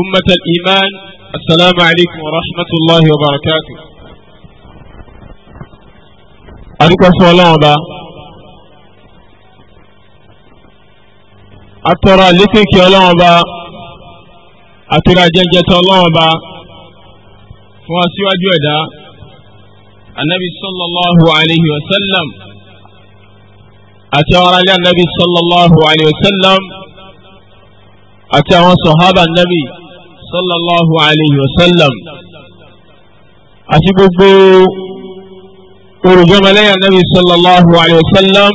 أمة الإيمان السلام عليكم ورحمة الله وبركاته أريكم فولان الله أترى لكي يولان با أترى جنجة الله با فواسيو أجودا النبي صلى الله عليه وسلم أترى النبي صلى الله عليه وسلم أترى صحابة النبي sallallahu alayhi wa sallam àti gbogbo olùjọmọlẹ́yà nabi sallallahu alayhi wa sallam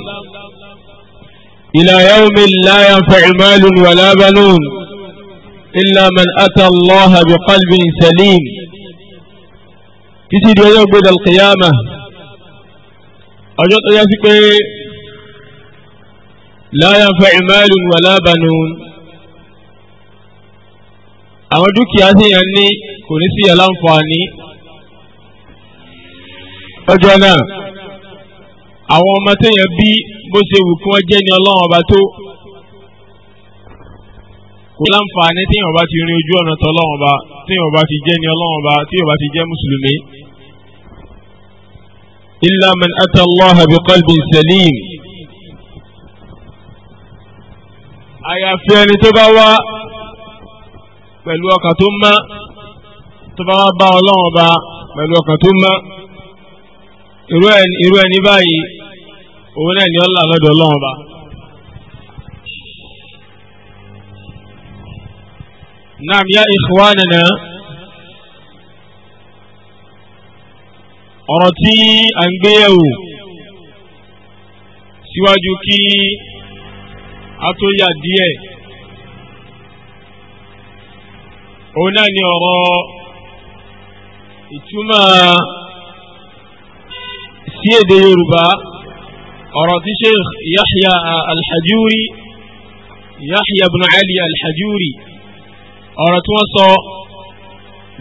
ila yawmin la yanfa'u malun wala banun illa man ata Allah bi qalbin salim títí di ọjọ́ gbẹdọ̀ kìyàmà ọjọ́ tó yá sí pé la yanfa'u malun wala àwọn dúkìá téèyàn ní kò ní sí aláǹfààní ọjọ́ náà àwọn ọmọ téèyàn bí bó ṣe wù kí wọ́n jẹ́ ní ọlọ́run ọba tó kò láǹfààní téèyàn bá ti rin ojú ọ̀nà tọ́lọ́run ọba téèyàn bá ti jẹ́ ní ọlọ́run ọba téèyàn bá ti jẹ́ mùsùlùmí. illa man ata Allah bi qalbin salim. àyàfi ẹni tó bá wá pẹ̀lú ọkàn tó mọ́ tó bá wá bá ọlọ́run ọba pẹ̀lú ọkàn tó mọ́ irú ẹni báyìí òun náà ni ọlá lọ́dọ̀ ọlọ́run ọba. Naam ya ikhwanana ọ̀rọ̀ tí a ń gbéyẹ̀wò síwájú kí a tó yà díẹ̀. òun náà ni ọ̀rọ̀ ìtumọ̀ sí èdè yorùbá ọ̀rọ̀ tí sheikh yahya alhajuri yahya ibn ali alhajuri ọ̀rọ̀ tí wọ́n sọ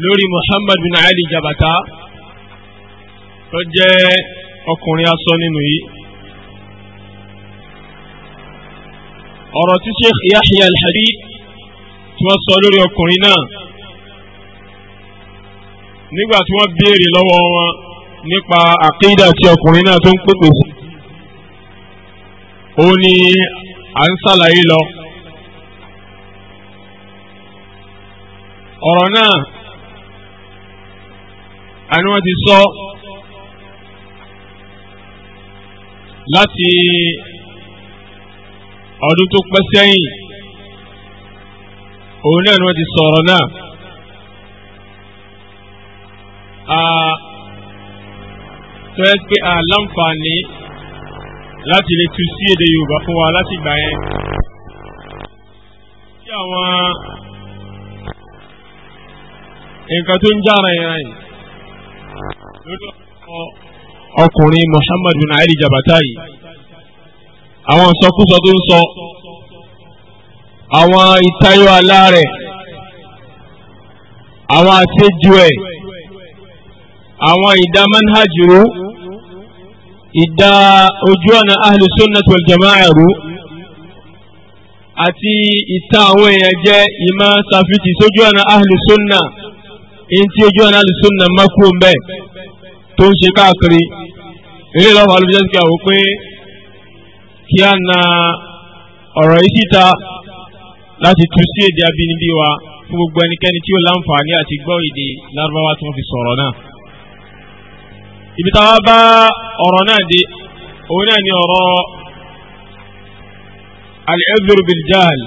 lórí muhammad bin ali jabata tó jẹ́ ọkùnrin asọ nínú yìí ọ̀rọ̀ tí sheikh yahya alhajuri tí wọ́n sọ lórí ọkùnrin náà nígbà tí wọ́n béèrè lọ́wọ́ wọn nípa àkídà tí ọkùnrin náà tó ń pèpè sí ó ní à ń ṣàlàyé lọ. ọ̀rọ̀ náà àni wọ́n ti sọ láti ọdún tó pẹ́ sẹ́yìn òun náà ni wọ́n ti sọ̀rọ̀ náà tó yẹ pé àlàǹfààní láti lè tu sí èdè Yorùbá fún wa láti gbà yẹn tí àwọn nǹkan tó ń já ara yẹn ráyìn lórí ọkùnrin Muhammadu bin Ali Jabata yìí àwọn sọkúsọ tó ń sọ àwọn ìtayọ àlá rẹ̀ àwọn àṣejù ẹ̀ àwọn ìdá manhajuru ìdá ojú ọ̀nà ahlu sunnah wal jama'a rú àti ìta àwọn èèyàn jẹ́ ìmọ̀ sàfitì sójú ọ̀nà ahlu sunnah tí ojú ọ̀nà ahlu sunnah mọ́kú mbẹ́ tó ń ṣe káàkiri ilé ìlọ́wọ́ alùpùpù jẹ́ sí pé kí á na ọ̀rọ̀ yìí síta láti tú sí èdè abínibí wa fún gbogbo ẹnikẹ́ni tí ó láǹfààní àti gbọ́ èdè lárúbáwá tí wọ́n fi sọ̀rọ̀ náà. ibi táwa bá ọ̀rọ̀ náà dé òun náà ni ọ̀rọ̀ al-udhr jahl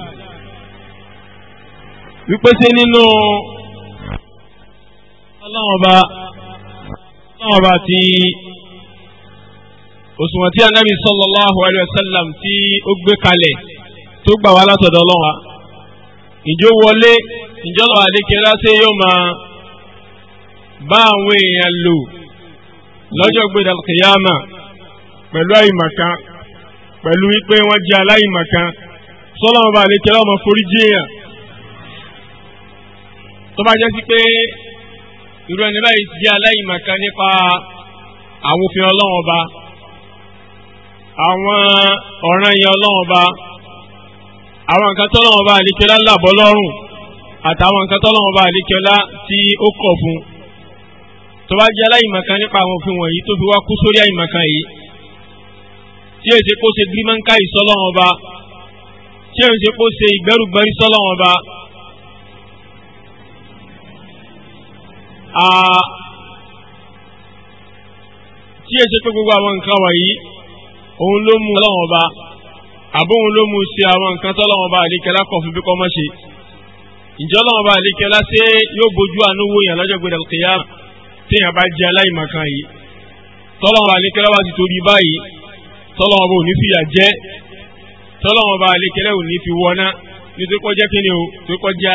wípé sí nínú ọlọ́wọ́ba ọlọ́wọ́ba ti òṣùwọ̀n tí anabi sallallahu alayhi wa tí ó gbé kalẹ̀ tó gbà wá látọ̀dọ̀ ọlọ́wọ́ ìjó wọlé ìjọba àdékẹ́lá ṣe yóò máa bá àwọn èèyàn lò lọ́jọ́ gbẹ̀dẹ̀ kìyàmà pẹ̀lú àìmọ̀kan pẹ̀lú wípé wọ́n jẹ́ aláìmọ̀kan sọ́lọ́mọ bá àdékẹ́lá ọmọ forí jíyàn tó bá jẹ́ sí pé irú ẹni báyìí ti jẹ́ aláìmọ̀kan nípa àwọn òfin ọlọ́wọ́n ba àwọn ọ̀ràn yẹn ọlọ́wọ́n ba àwọn nǹkan tọ́lọ́wọ́n bá àlékẹ́lá làbọ́ lọ́rùn àtàwọn nǹkan tọ́lọ́wọ́n bá àlékẹ́lá tí ó kọ̀ fún tó bá jẹ́ aláìmọ̀kan nípa àwọn òfin wọ̀nyí tó fi wá kú sórí àìmọ̀kan yìí tí èsì kó ṣe gírímọ́ńká ìsọ́lọ́wọ́n bá tí èsì kó ṣe ìgbẹ́rùgbẹ́rí sọ́lọ́wọ́n bá tí èsì pé gbogbo àwọn nǹkan wọ̀nyí òun ló mú ọlọ́wọ́n bá àbóhun ló mú ṣe àwọn nǹkan tọ́lọ́wọ́n bá àlékẹ́lá kọ̀ fún bí kọ́ mọ́ ṣe ǹjẹ́ ọlọ́wọ́n bá àlékẹ́lá ṣe yóò bójú àánú wo yàn lọ́jọ́ gbẹdẹ̀ kìyà téèyàn bá jẹ aláìmọ̀kan yìí tọ́lọ́wọ́n bá àlékẹ́lá wá ti tóbi báyìí tọ́lọ́wọ́n bá ò ní fìyà jẹ́ tọ́lọ́wọ́n bá àlékẹ́lá ò ní fi wọná nítorí kọjá kíni o torí kọjá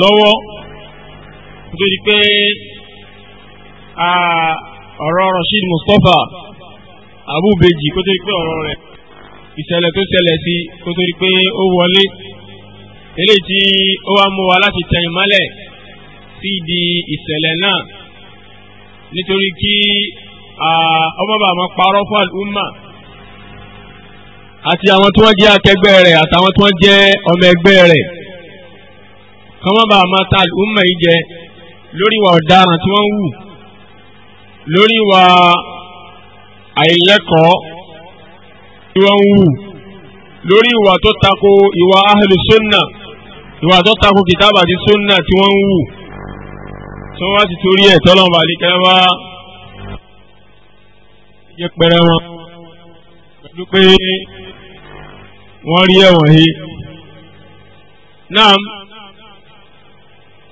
lọ́wọ́ nítorí pé ọ̀rọ̀ Rasheed Mustapha Abubeji kó tó di pé ọ̀rọ̀ rẹ̀ ìṣẹ̀lẹ̀ tó ṣẹlẹ̀ sí kó tó di pé ó wọlé eléyìí tí ó wá mú wa láti tẹ ìmọ́lẹ̀ sí di ìṣẹ̀lẹ̀ náà nítorí kí ọmọ parọ́ fún àlùmọ́ àti àwọn tí wọ́n jẹ́ akẹgbẹ́ rẹ̀ àtàwọn tí wọ́n jẹ́ ọmọ ẹgbẹ́ rẹ̀ kọ́mọ́ bá máa ta àlùmọ̀ yìí jẹ lórí wa ọ̀daràn tí wọ́n ń wù lórí wa àìlẹ́kọ̀ọ́ tí wọ́n ń wù lórí ìwà tó tako ìwà ahlu sunna ìwà tó tako kìtàbà àti sunna tí wọ́n ń wù tí wọ́n ti torí ẹ̀ tọ́lọ́mọba àlíkẹ́ wá jẹ́ pẹrẹ wọn pẹ̀lú pé wọ́n rí ẹ̀wọ̀n he. Naam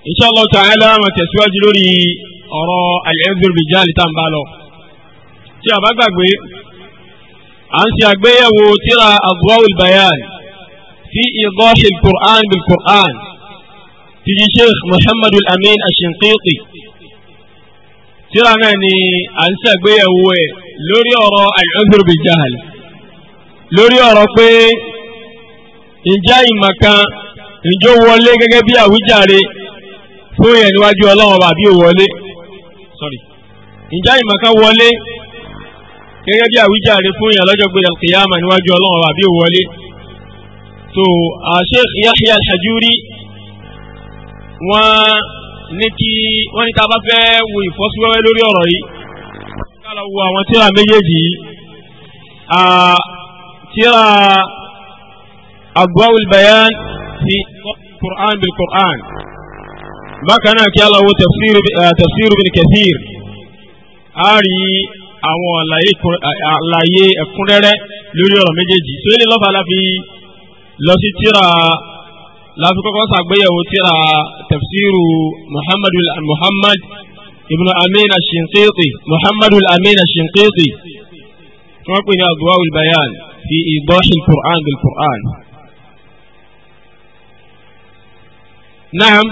insha Allah ta'ala máa tẹ̀síwájú lórí ọ̀rọ̀ al-'udhr bil-jahl tá n bá lọ. tí a bá gbàgbé à ń ṣe àgbéyẹ̀wò tíra adwa'ul bayan fi idahi al-Qur'an bil-Qur'an ti di sheikh Muhammad al-Amin al-Shinqiti tíra náà ni à ń ṣe àgbéyẹ̀wò ẹ̀ lórí ọ̀rọ̀ al-'udhr lórí ọ̀rọ̀ pé ǹjẹ́ ìmọ̀ kan wọlé gẹ́gẹ́ bí àwíjàre fún yẹn níwájú ọlọ́run ọba àbí òwọlé sorry ìjà ìmọ̀ká wọlé gẹ́gẹ́ bí àwíjàre fún yẹn lọ́jọ́ gbé alkiyama níwájú ọlọ́run ọba àbí òwọlé tó Sheikh Yahya Al-Hajuri wọ́n ní kí wọ́n ní ká bá fẹ́ wo ìfọ́síwẹ́wẹ́ lórí ọ̀rọ̀ yìí ká lọ wo àwọn tíra méjèèjì yìí tíra Adwa'ul Bayan fi Qur'an bil Qur'an bákan náà kí aláwo eh, tafsir bin kathir a rí àwọn àlàyé ẹ̀kúnrẹ́rẹ́ lórí ọ̀rọ̀ méjèèjì tó ilé lọ́fà láfi lọ sí tíra láfi kọ́kọ́ sàgbéyẹ̀wò tíra tafsiru muhammad muhammad ibn amin ashinqiti muhammad amin ashinqiti tí wọ́n pè ní adwa al fi idahi quran bil-qur'an. Naam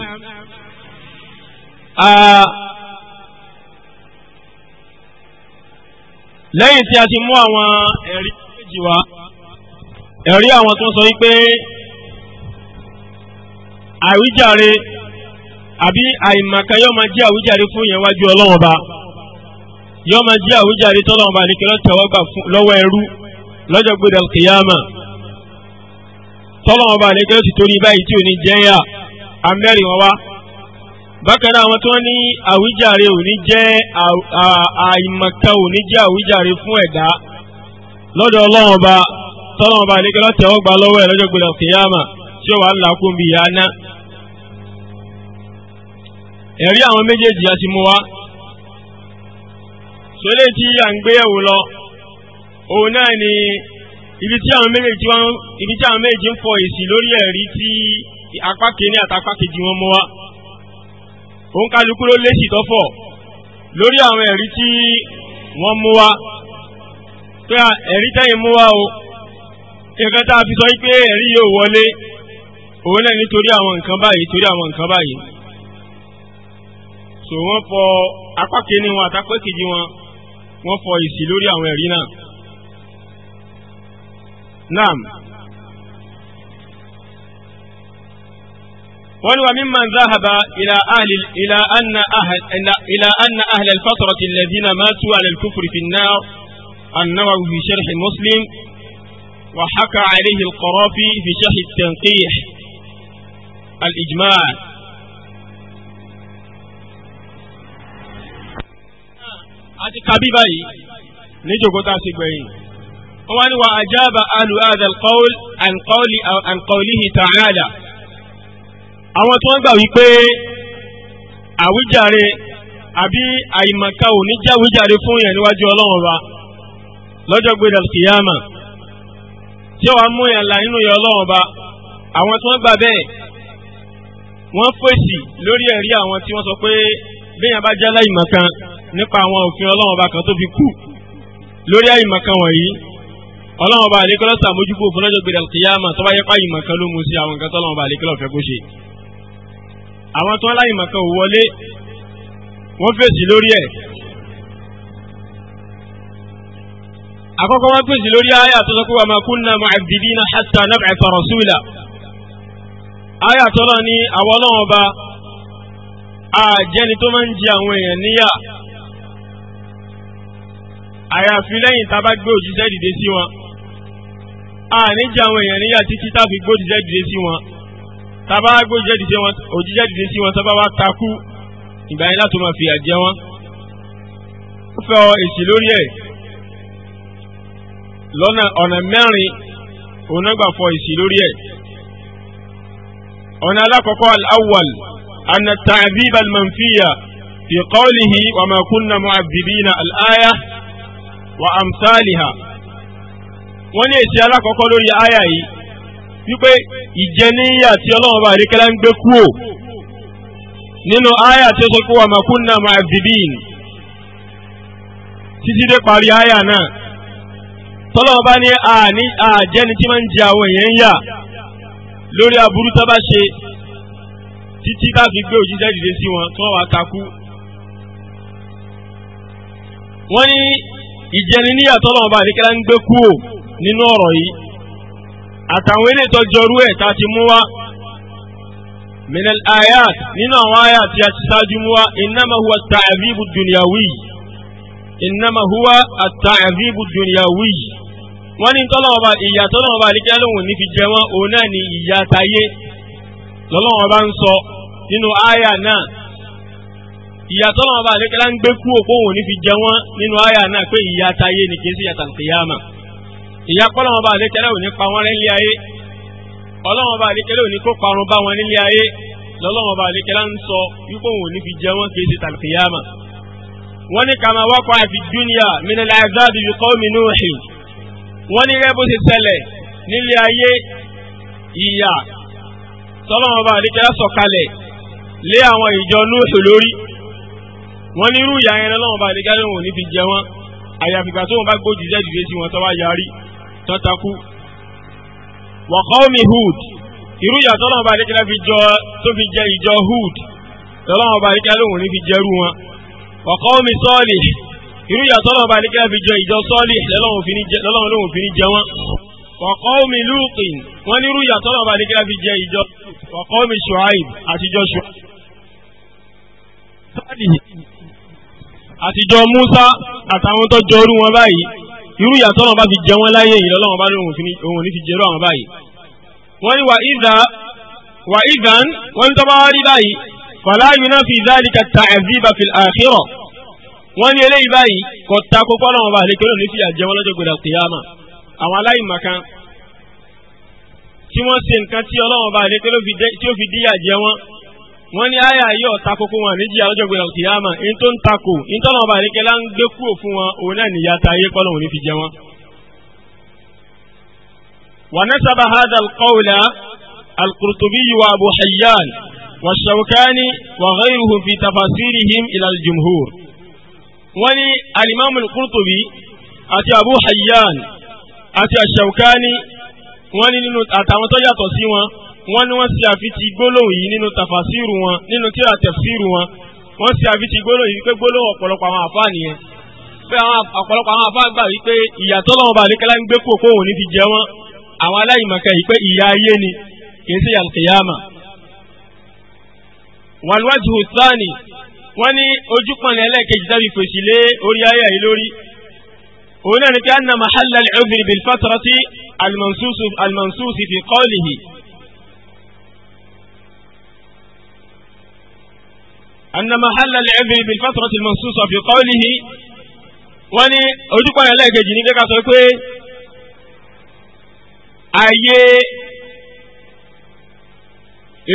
lẹ́yìn tí a ti mú àwọn ẹ̀rí méjì wá ẹ̀rí àwọn tó ń sọ wípé àwíjàre àbí àìmọ̀kan yóò máa jẹ́ àwíjàre fún yẹn wájú ọlọ́run ba yóò máa jẹ́ àwíjàre tọ́lọ́run ọba nìkan lọ́tẹ̀wọ́ gbà lọ́wọ́ ẹrú lọ́jọ́ gbọdọ̀ kìyàmà tọ́lọ́run ọba nìkan ló ti torí báyìí tí ò ní jẹ́yà amẹ́rin wọn wá bakara awọn àwọn tó ní àwíjàre òní jẹ́ àìmọ̀kan òní jẹ́ àwíjàre fún ẹ̀dá lọ́dọ̀ ọlọ́run ọba tọ́lọ́run ọba àlékẹ́ láti ọwọ́ gba lọ́wọ́ ẹ̀ lọ́jọ́ gbọdọ̀ kìyàmà tí ó bí ẹ̀rí àwọn méjèèjì àti mú wa ni ibi tí àwọn méjèèjì ń fọ èsì lórí ẹ̀rí tí apá kìíní àtàpá kejì wọn mú wa. òun kálukú ló lé ṣìtọ́fọ̀ lórí àwọn ẹ̀rí tí wọ́n mú wá pé ẹ̀rí tẹ́yìn mú wá o nǹkan tá a fi sọ pé ẹ̀rí yóò wọlé òun náà nítorí àwọn nǹkan báyìí torí àwọn nǹkan báyìí so wọ́n fọ apá kìíní wọn àtàpẹ́ kejì wọn wọ́n fọ ìsì lórí àwọn ẹ̀rí náà. Naam. قل وممن ذهب إلى أهل إلى أن أهل إلى أن أهل الفترة الذين ماتوا على الكفر في النار النووي في شرح مسلم وحكى عليه القرافي في شرح التنقيح الإجماع àti قبيبي نجو قطع tá a وأجاب أهل هذا القول عن wa عن قوله تعالى àwọn tí wọ́n gbà wípé àwíjàre àbí àìmọ̀ká ò ní jáwíjàre fún yẹn níwájú ọlọ́run ọba lọ́jọ́ gbéra kìyàmà tí ó wá mú yẹn là nínú yẹn ọlọ́run ọba àwọn tí wọ́n gbà bẹ́ẹ̀ wọ́n fèsì lórí ẹ̀rí àwọn tí wọ́n sọ pé béèyàn bá jẹ́ láìmọ̀kan nípa àwọn òfin ọlọ́run ọba kan tó fi kú lórí àìmọ̀kan wọ̀nyí ọlọ́run ọba àlékọ́lọ́ sàmójúkú àwọn tó láì mọ̀kan ò wọlé wọ́n fèsì lórí ẹ̀ àkọ́kọ́ wọ́n fèsì lórí àyà tó sọ pé wa ma kunna mu'abbidina hatta nab'atha rasula àyà tó náà ní àwọn ọlọ́wọ́n ọba àjẹni tó máa ń jẹ àwọn èèyàn níyà àyàfi lẹ́yìn tá a bá gbé òjíṣẹ́ dìde sí wọn àníjà àwọn èèyàn níyà títí tá a fi gbé òjíṣẹ́ dìde sí wọn tábà gbójúṣe dìde wọn òjíṣẹ́ dìde sí wọn tábà wá takú ìgbà yẹn láti máa fìyà jẹ wọn. ó fẹ́ ọ èsì lórí ẹ̀ lọ́nà ọ̀nà mẹ́rin òun náà gbà fọ èsì lórí ẹ̀. ọ̀nà alákọ̀ọ́kọ́ al-awwal anna ta'dhib al-manfiya fi qawlihi wa ma kunna mu'adhibina al-aya wa amsalha. wọ́n ní èsì alákọ̀ọ́kọ́ lórí àyà yìí wípé ìjẹníyà tí ọlọ́run bá àríkẹ́lá ń gbé kúò nínú àyà tí ó sọ pé wà máa kún náà máa zibin títí dé parí àyà náà tọ́lọ́run bá ní àjẹni tí máa ń jẹ àwọn èèyàn yà lórí aburú tó bá ṣe títí tá a fi gbé òjíṣẹ́ dìde sí wọn tí wọ́n wá takú. wọ́n ní ìjẹni níyà tọ́lọ́run bá àríkẹ́lá ń gbé kúò nínú ọ̀rọ̀ yìí àtàwọn ilé ìtọ́jọrú ẹ̀ tá a ti mú wá minal ayat nínú àwọn ayat tí a ti ṣáájú mú wá innama huwa at-ta'dhibu dunyawi innama huwa at-ta'dhibu dunyawi wọ́n ní tọ́lọ́mọba ìyá tọ́lọ́mọba àdíkẹ́ lóhùn ní fi jẹ wọ́n òun náà ni ìyá tayé lọ́lọ́mọba ń sọ nínú àyà náà ìyá tọ́lọ́mọba àdíkẹ́ lá ní fi jẹ wọ́n nínú àyà náà pé ìyá tayé ni kì í sí ìyá ìyá kọ́lọ́wọ́n bá àlékẹ́lẹ́ òní pa wọ́n rẹ́ nílé ayé ọlọ́wọ́n bá àlékẹ́lẹ́ òní kó parun bá wọn nílé ayé lọ́lọ́wọ́n bá àlékẹ́lẹ́ ń sọ wípé òun ní fi jẹ wọ́n kì í ṣe tàlùkìyàmà. wọ́n ní kàmá wákọ̀ àfi dúnìyà minal azabi bi qawmi nuuhi wọ́n ní rẹ́ bó ṣe ṣẹlẹ̀ nílé ayé ìyà tọ́lọ́wọ́n bá àlékẹ́lẹ́ sọ̀kalẹ̀ lé àwọn ìjọ núùsù lórí wọ́n ní irú ìyà yẹn lọ́wọ́n bá àlékẹ́lẹ́ òun ní fi jẹ wọ́n àyàfìgbà tó wọn bá gbójú jẹ́ jùlé sí wọn tó bá yarí tán takú. wa qawmi Hud irú ìyàtọ̀ lọ́wọ́ bá adékẹ́lá fi jọ tó fi jẹ ìjọ Hud lọ́wọ́ bá adékẹ́lá lòun ní fi jẹrú wọn. wa qawmi Salih irú ìyàtọ̀ fi jọ ìjọ Salih lọ́wọ́ fi ní jẹ wọn irú yàtọ̀ náà bá fi jẹ wọn láyé yìí lọ́wọ́ bá ní òun ní fi jẹ́rọ àwọn báyìí wọ́n ní wà ìdán wọ́n tó bá rí báyìí fala yunafi dhalika ta'dhiba fil akhirah wọ́n ní eléyìí báyìí kò ta kó kọ́ lọ́wọ́ bá lè kéré onífi àjẹ wọn lọ́jọ́ gbọdọ̀ kìyàmà àwọn aláìmọ̀kan tí wọ́n ṣe nǹkan tí Ọlọ́run bá lè kéré tí ó fi díyà jẹ wọn wọ́n ní àyà yìí ọ̀ta kókó wọn níjìyà lọ́jọ́ gbé ọ̀kìyàmà ní tó ń takò ní tọ́lọ́ ọba àríkẹ́lá ń gbé kúrò fún wọn òun náà níyà ta ayé kọ́ lóun ní fi jẹ wọn. ونسب هذا القول القرطبي وأبو حيان والشوكاني وغيرهم في تفاسيرهم إلى الجمهور ولي الإمام القرطبي أتي أبو حيان أتي الشوكاني ولي أتامتو يا wọ́n ní wọ́n ṣe àfitì gbólóhùn yìí nínú tàfàsírù wọn nínú tíra tẹ̀fsírù wọn wọ́n ṣe àfitì gbólóhùn yìí pé gbólóhùn ọ̀pọ̀lọpọ̀ àwọn àfáà nìyẹn pé àwọn ọ̀pọ̀lọpọ̀ àwọn àfáà gbà wípé ìyàtọ̀ lọ́wọ́ bá àdékẹ́lá ń gbé kó kó ní fi jẹ wọ́n àwọn aláìmọ̀kẹ́ yìí pé ìyà ayé ni kì í ṣe yàlùkìyàmà. wal wajhu thani wọ́n ní ojú pọ̀nà أن محل العبر بالفترة المنصوصة في قوله وني أجوكم على جيني بك أتوكي أي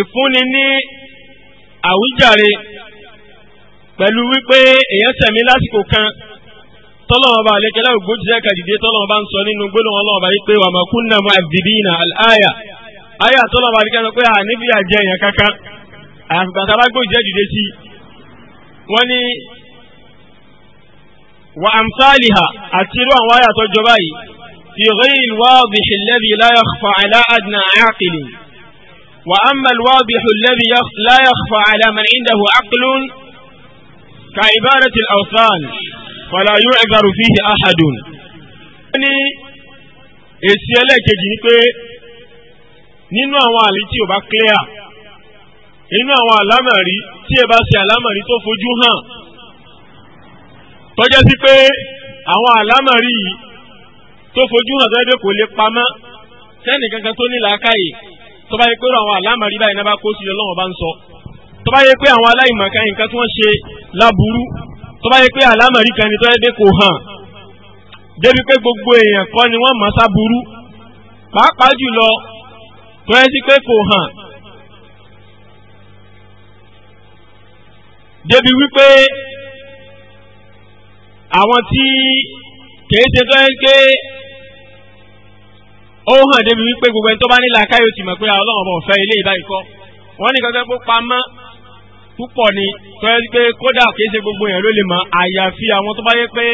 ìfúnni ní àwíjàre pẹ̀lú wípé èèyàn sẹ̀mí lásìkò kan tọ́lọ́wọ́n bá àlékẹ́lá ògbójúṣẹ́ kàdìdé tọ́lọ́wọ́n bá ń sọ nínú gbólóhùn ọlọ́wọ́n bá yí pé wa ma kunna mu'adhibina al-aya tọ́lọ́wọ́n bá àlékẹ́lá pé àníbíyà jẹ́ èèyàn kankan àgbàtà bá gbójúṣẹ́ dìde sí i wọ́n ní wa amsaliha àti irú àwọn àyà tó jọba yìí fi ghayri al-wadih alladhi la yakhfa ala adna aqil wa amma al-wadih alladhi la yakhfa ala man indahu aql ka ibarati al-awthan fala yu'dharu fihi ahadun ní èsì ẹlẹ́kejì ni pé nínú àwọn àlè ò bá clear nínú àwọn àlámàrí tí ẹ bá ṣe àlámàrí tó fojú hàn tọ́jẹ́ sí pé àwọn àlámàrí yìí tó fojú hàn tọ́jẹ́ pé kò lè pamọ́ sẹ́ni kankan tó ní làákàyè tó bá yẹ pé àwọn àlámàrí báyìí náà bá kó sí ọlọ́wọ́n bá ń sọ tó bá yẹ pé àwọn aláìmọ̀ká nǹkan tí wọ́n ṣe láburú tó bá yẹ pé àlámàrí kan ni tọ́jẹ́ kò hàn débi pé gbogbo èèyàn kọ́ ni wọ́n mọ̀ sáburú pàápàá jùlọ tọ́jẹ́ sí pé kò hàn débi wípé àwọn tí kìí ṣe tó ń gbé ó hàn débi wípé gbogbo ẹni tó bá nílà káyọ̀ tì mọ̀ pé ọlọ́run ọmọ ọ̀fẹ́ ilé ìbáyìí kọ́ wọ́n ní kankan kó pamọ́ púpọ̀ ni tó ń gbé kódà kìí ṣe gbogbo yẹn ló lè mọ̀ àyàfi àwọn tó bá yẹ pé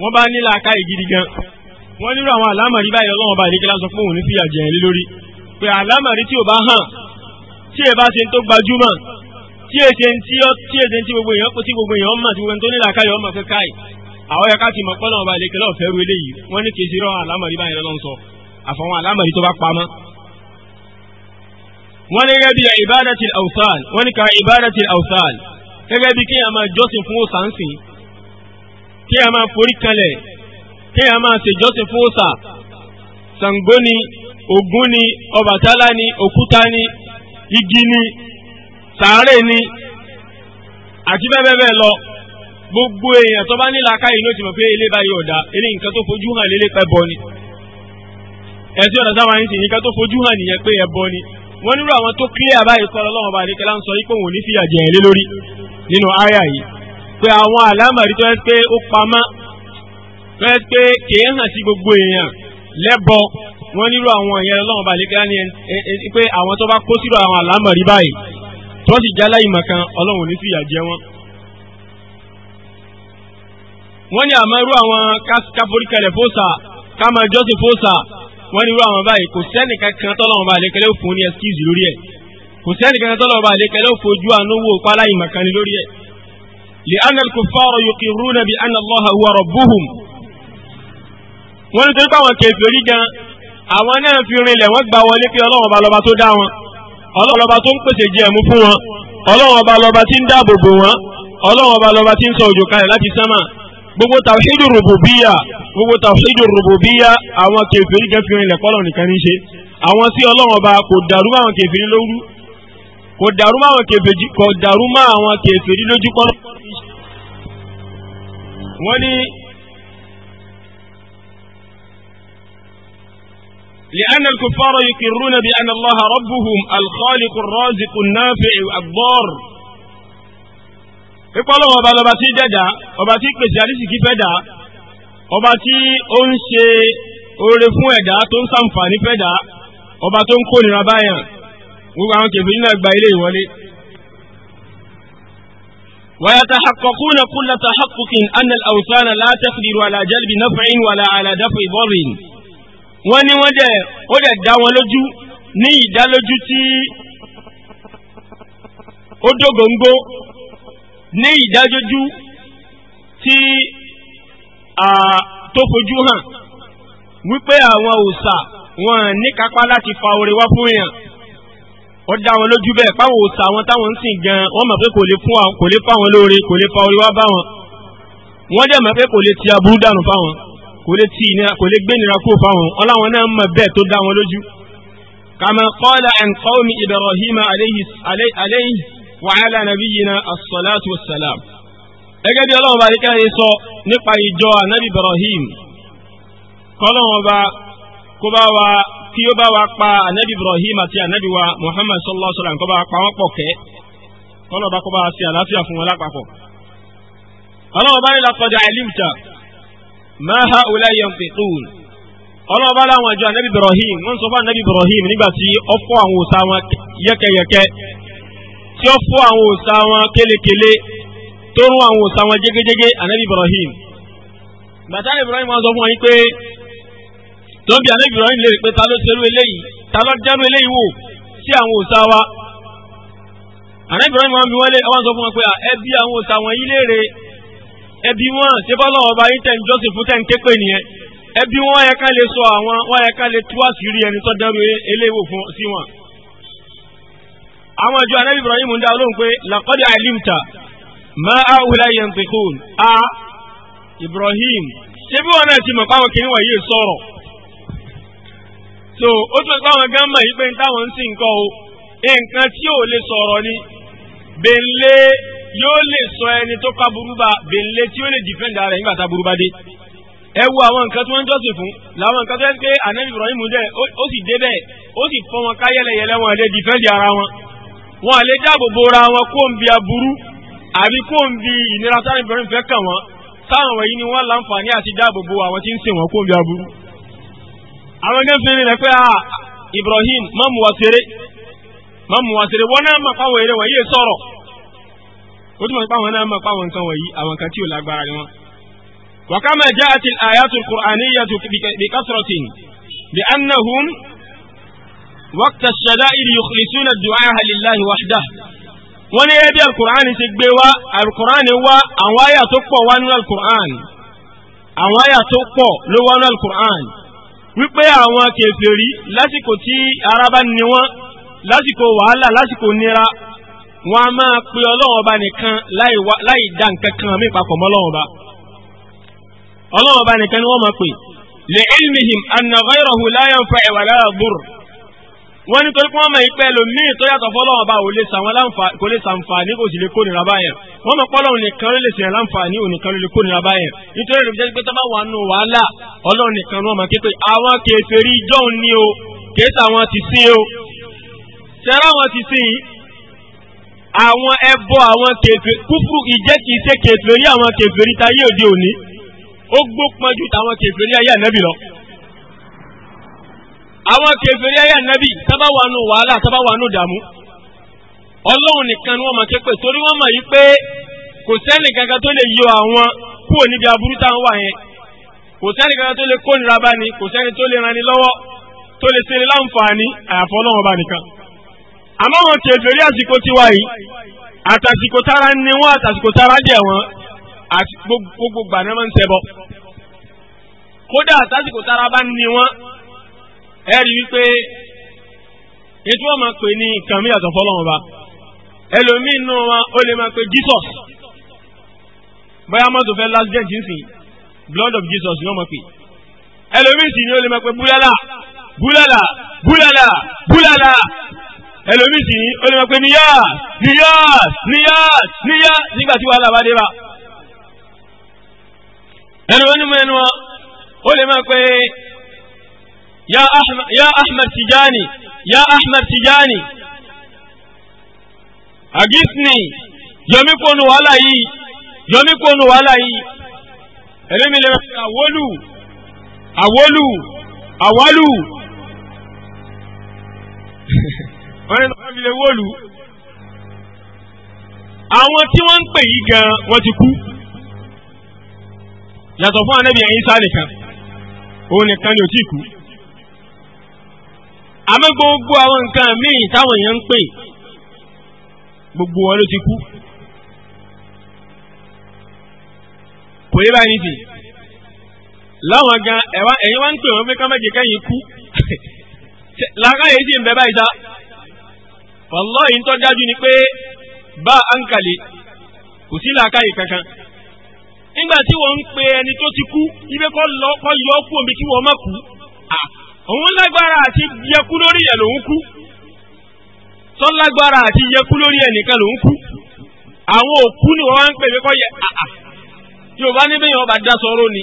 wọ́n bá nílà káyọ̀ gidi gan wọ́n nílò àwọn àlámọ̀rí báyìí ọlọ́run ọba ìdíkẹ́lá sọ fún òun ní fìyà jẹ̀yìn lórí pé àlámọ̀rí tí ò bá hàn tí ẹ bá ṣe tó gbajúmọ̀ tí èsè ń tí tí èsè ń tí gbogbo èèyàn tí gbogbo èèyàn mọ̀ tí gbogbo tó nílà káyọ̀ mọ̀ pé káì àwọn ẹ̀ka ti mọ̀ pọ́lọ́mọ̀ bá lékelé ọ̀fẹ́ ru eléyìí wọ́n ní kì í ṣe rán àlámọ̀rí báyìí lọ́nà sọ àfọwọ́n àlámọ̀rí tó bá pamọ́. wọ́n ní gẹ́gẹ́ bí ibadati awsal wọ́n ní ka ibadati awsal gẹ́gẹ́ bí kéèyàn máa jọ́sìn fún òòsà ń sìn kéèyàn máa forí kalẹ̀ kéèyàn máa ṣe jọ́sìn fún òòsà Ṣàngó ni Ògún ni Ọbàtálá ni òkúta ni igi ni sàárè ni àti bẹ́ẹ̀ bẹ́ẹ̀ lọ gbogbo èèyàn tó bá ní làákàyè ló ti mọ̀ pé ilé báyìí ọ̀dà ilé nǹkan tó fojú hàn lélẹ́ pẹ́ bọ ni ẹtí ọ̀dà sáwọn yìí sì nǹkan tó fojú hàn nìyẹn pé ẹ bọ ni wọ́n nílò àwọn tó clear báyìí kọ́ lọ́wọ́ bá àdékẹ́lá ń sọ yí pé òun ò ní fìyà jẹ ẹ̀ lé lórí nínú àyà yìí pé àwọn àlámàrí tó yẹ pé ó pamọ́ tó yẹ pé kìí hàn sí gbogbo èèyàn lẹ́bọ wọ́n nílò àwọn ìyẹn lọ́wọ́ bá àdékẹ́lá ní pé àwọn tó bá kó sírò àwọn àlámàrí báyìí tí wọ́n sì já láì màkan ọlọ́run ní fìyà jẹ wọn. wọ́n ní àmọ́ irú àwọn káforíkalẹ̀ fóòsà káma jọ́sìn fóòsà wọ́n ní irú àwọn báyìí kò sẹ́ni kankan tọ́lọ́run bá lékelé fún ní ẹsikíìsì lórí ẹ̀ kò sẹ́ni kankan tọ́lọ́run bá lékelé fojú àánú wò pa láì màkan lórí ẹ̀. لأن الكفار يقرون بأن الله هو ربهم wọ́n ní torí pé àwọn kèfèrí gan àwọn náà fi rinlẹ̀ wọ́n gbà wọlé pé ọlọ́run ọba lọ́ba tó dá wọn ọlọ́run ọba tó ń pèsè jẹ ẹ̀mú fún wọn ọlọ́run ọba lọba tí ń dáàbò bò wọn ọlọ́run ọba lọba tí ń sọ òjò kalẹ̀ láti sánmà gbogbo tàwíṣídù rùbùbíyà gbogbo tàwíṣídù rùbùbíyà àwọn kèfèrí kẹfìrin ilẹ̀ kọ́lọ̀ nìkan ní ṣe àwọn sí ọlọ́run kò dàrú mọ́ àwọn kèfèrí lóru kò dàrú mọ́ àwọn kèfèrí lójú kọ́lọ̀ wọ́n ní لأن الكفار يقرون بأن الله ربهم الخالق الرازق النافع الضار ìpọ́lọ̀ ọba lọba tí dẹ́dà ọba tí pèsè àdísìkí fẹ́dà ọba tí ó ń ṣe oore fún ẹ̀dá tó ń sàǹfààní fẹ́dà ọba tó ń kónira báyàn gbogbo àwọn kèfèrí náà gba ilé ìwọlé ويتحققون كل تحقق أن الأوثان لا تقدر على جلب نفع ولا على دفع ضر wọ́n ní wọ́n dẹ̀ ó dẹ̀ dá wọn lójú ní ìdálójú tí ó dógóńgó ní ìdájójú tí tó fojú hàn wípé àwọn òòṣà wọn ní kápá láti fa oore wá fún èèyàn ó dá wọn lójú bẹ́ẹ̀ páwọn òòṣà wọn táwọn ń sìn gan wọ́n mọ̀ pé kò lè fún àwọn kò lè fa wọn lóore kò lè fa oore wá bá wọn wọ́n dẹ̀ mọ̀ pé kò lè ti aburú dànù fáwọn kò lè tí ìnira kò lè gbé ìnira kúrò fáwọn ọláwọn náà mọ̀ bẹ́ẹ̀ tó dá wọn lójú. kàmá qala an qawmi ibrahima aleyhi wa ala nabiyyina as-salatu was-salam. gẹ́gẹ́ bí ọlọ́run bá rí kẹ́rin sọ nípa ìjọ anabi ibrahim kọ́lọ́run bá kó bá wa kí ó bá wa pa anabi ibrahim àti anabi wa muhammad sallallahu alayhi kó bá wa pa wọ́n pọ̀ kẹ́ kọ́lọ́run bá kó bá wa ṣe àlàáfíà fún wọn lápapọ̀. ọlọ́run bá rí ma ha'ula'i yantiqun ọlọ́ọ̀bá láwọn àjọ anabi ibrahim wọ́n sọ fún anabi ibrahim nígbà tí ó àwọn òòṣà wọn yẹ́kẹ́yẹ́kẹ́ tí àwọn wọn tó rún àwọn wọn jégéjégé anabi ibrahim bàtà ibrahim wọn sọ fún wọn yìí pé tó ń bi anabi ibrahim lè pé ta ló eléyìí ta ẹbí wọn ṣe bá lọ́wọ́ bá yín tẹ̀ ń jọ́sìn fún tẹ̀ ń ké pè nìyẹn ẹbí wọn yẹ ká lè sọ àwọn wọn yẹ ká lè tú àṣírí ẹni tó dẹrù eléwò fún sí wọn. àwọn ìjọ anábì Ibrahim ń dá olóhùn pé laqad alimta ma awula yantiqun a Ibrahim ṣé bí wọn náà ti mọ̀ páwọn kìnìún wọ̀nyí sọ̀rọ̀ so ó tún sáwọn gánmà yìí pé táwọn ń sìn nǹkan o nǹkan tí ò lè sọ̀rọ̀ ni bẹ́ẹ̀ lé yóò lè sọ ẹni tó ka burúkú bèlè tí ó lè dé àwọn nǹkan tí wọ́n ń fún làwọn Ibrahim dẹ ó sì dé bẹ́ẹ̀ ó sì wọn ká yẹlẹyẹlẹ wọn lè dìfẹ́ǹdì ara wọn wọn lè dáàbò bora wọn kó ń bi aburú àbí kó ń bi ìnira sáré Ibrahim fẹ́ kàn wọn táwọn wọ̀nyí ni wọ́n láǹfààní àti bo àwọn tí ń sìn wọn kó aburú. Ah, a ó túmọ̀ nípa àwọn náà mọ̀ páwọn nǹkan wọ̀nyí àwọn nǹkan tí ò lágbára ni wọn. wàkàmà jẹ́ àti àyàtò kùránìyàtò bìkásọ̀rọ̀tìn bí annahum waqta shada'id yukhlisuna ad-du'a lillahi wahdah wọ́n ní ẹbí alukur'an ti gbé wa alukur'an wa àwọn àyà tó pọ̀ wá nínú alukur'an àwọn àyà tó pọ̀ ló wá nínú alukur'an wípé àwọn kèfèrí lásìkò tí araba ni wọn lásìkò wàhálà lásìkò nira wọn a máa pe ọlọ́run ọba nìkan láì dá nǹkan kan mí papọ̀ mọ́ ọlọ́run ọba ọlọ́run ọba nìkan ni wọ́n máa pè lè ilmihim anna ghayrahu la yanfa'u wa la yadur wọ́n ní torí pé wọ́n máa pẹ́ lòmíì tó yàtọ̀ fọlọ́run ọba kò lè ṣàǹfààní kò sì lè kónira báyẹn wọ́n máa pọ́lọ́run nìkan ló lè ṣèyàn láǹfààní òun nìkan ló lè kónira báyẹn nítorí rẹ̀ jẹ́ pé tọ́ba àwọn ẹbọ àwọn kèfèrí kúfùrù ìjẹ́ kìí ṣe kèfèrí àwọn kèfèrí ta yé òde òní ó gbópọn ju tàwọn kèfèrí ayé ànábì lọ. àwọn kèfèrí ayé ànábì sábà wà nù wàhálà sábà wà nù dààmú ọlọ́run nìkan ni wọ́n máa ké pè torí wọ́n mọ̀ yìí pé kò sẹ́ni kankan tó lè yọ àwọn kúrò níbi aburú táwọn wà yẹn kò sẹ́ni kankan tó lè kónira bá ní kò sẹ́ni tó lè rani lọ́wọ́ tó lè ṣe láǹfààní àyàfọ́ ọlọ́run bá nìkan àmọ́ wọn ti èfèrí àsìkò tiwa yìí àtàsìkò tára ni wọn àtàsìkò tára jẹ wọn àti gbogbo gbà náà máa ń ṣẹbọ kódà àtàsìkò tára bá ni wọn ẹ rí wípé ètò wọn máa pè ní nǹkan mi yàtọ̀ fọlọ́wọn ba ẹlòmíín nù wọn ó lè máa pe Jesus bóyá mọ́tò fẹ́ last gen jínsìn blood of Jesus ni wọ́n máa pè ẹlòmíín sì ni ó lè máa pe búlálà búlálà búlálà búlálà ẹlòmíì sì ní ó lè máa pé níyàs níyàs níyàs níyàs nígbà tí wàhálà bá dé bá. ẹnu wọn ní mọ ẹnu wọn ó ya ahmed ya ahmed tijani ya ahmed tijani agisni yọmí kónú wàhálà yìí yọmí kónú wàhálà yìí ẹlòmíì lè máa pé àwọlù àwọlù wọ́n ní tọ́ka fi lè wọ́ọ̀lù àwọn tí wọ́n ń pè yí gan wọ́n ti kú yàtọ̀ fún Ànábì Ìsá nìkan òun nìkan ni ò tí kú àmọ́ gbogbo àwọn nǹkan míì táwọn èèyàn ń pè gbogbo wọn ló ti kú kò yé báyìí nìsín láwọn gan ẹ̀yin wá ń pè wọ́n pé ká kẹ́yìn kú làákàyè sì ń bẹ báyìí sá. wàláhì ń tó dájú ni pé bá àǹkàlè kò sí làákàyè kankan nígbà tí wọ́n ń pe ẹni tó ti kú ibẹ̀ kọ́ lọ kọ́ yọ kú omi kí wọ́n má kú òun lágbára àti yẹkú lórí ẹ̀ lòun kú Sọ lágbára àti yẹkú lórí ẹ̀ lòun kú àwọn òkú ni wọ́n wá ń pè mí kọ́ yẹ ọba dá ni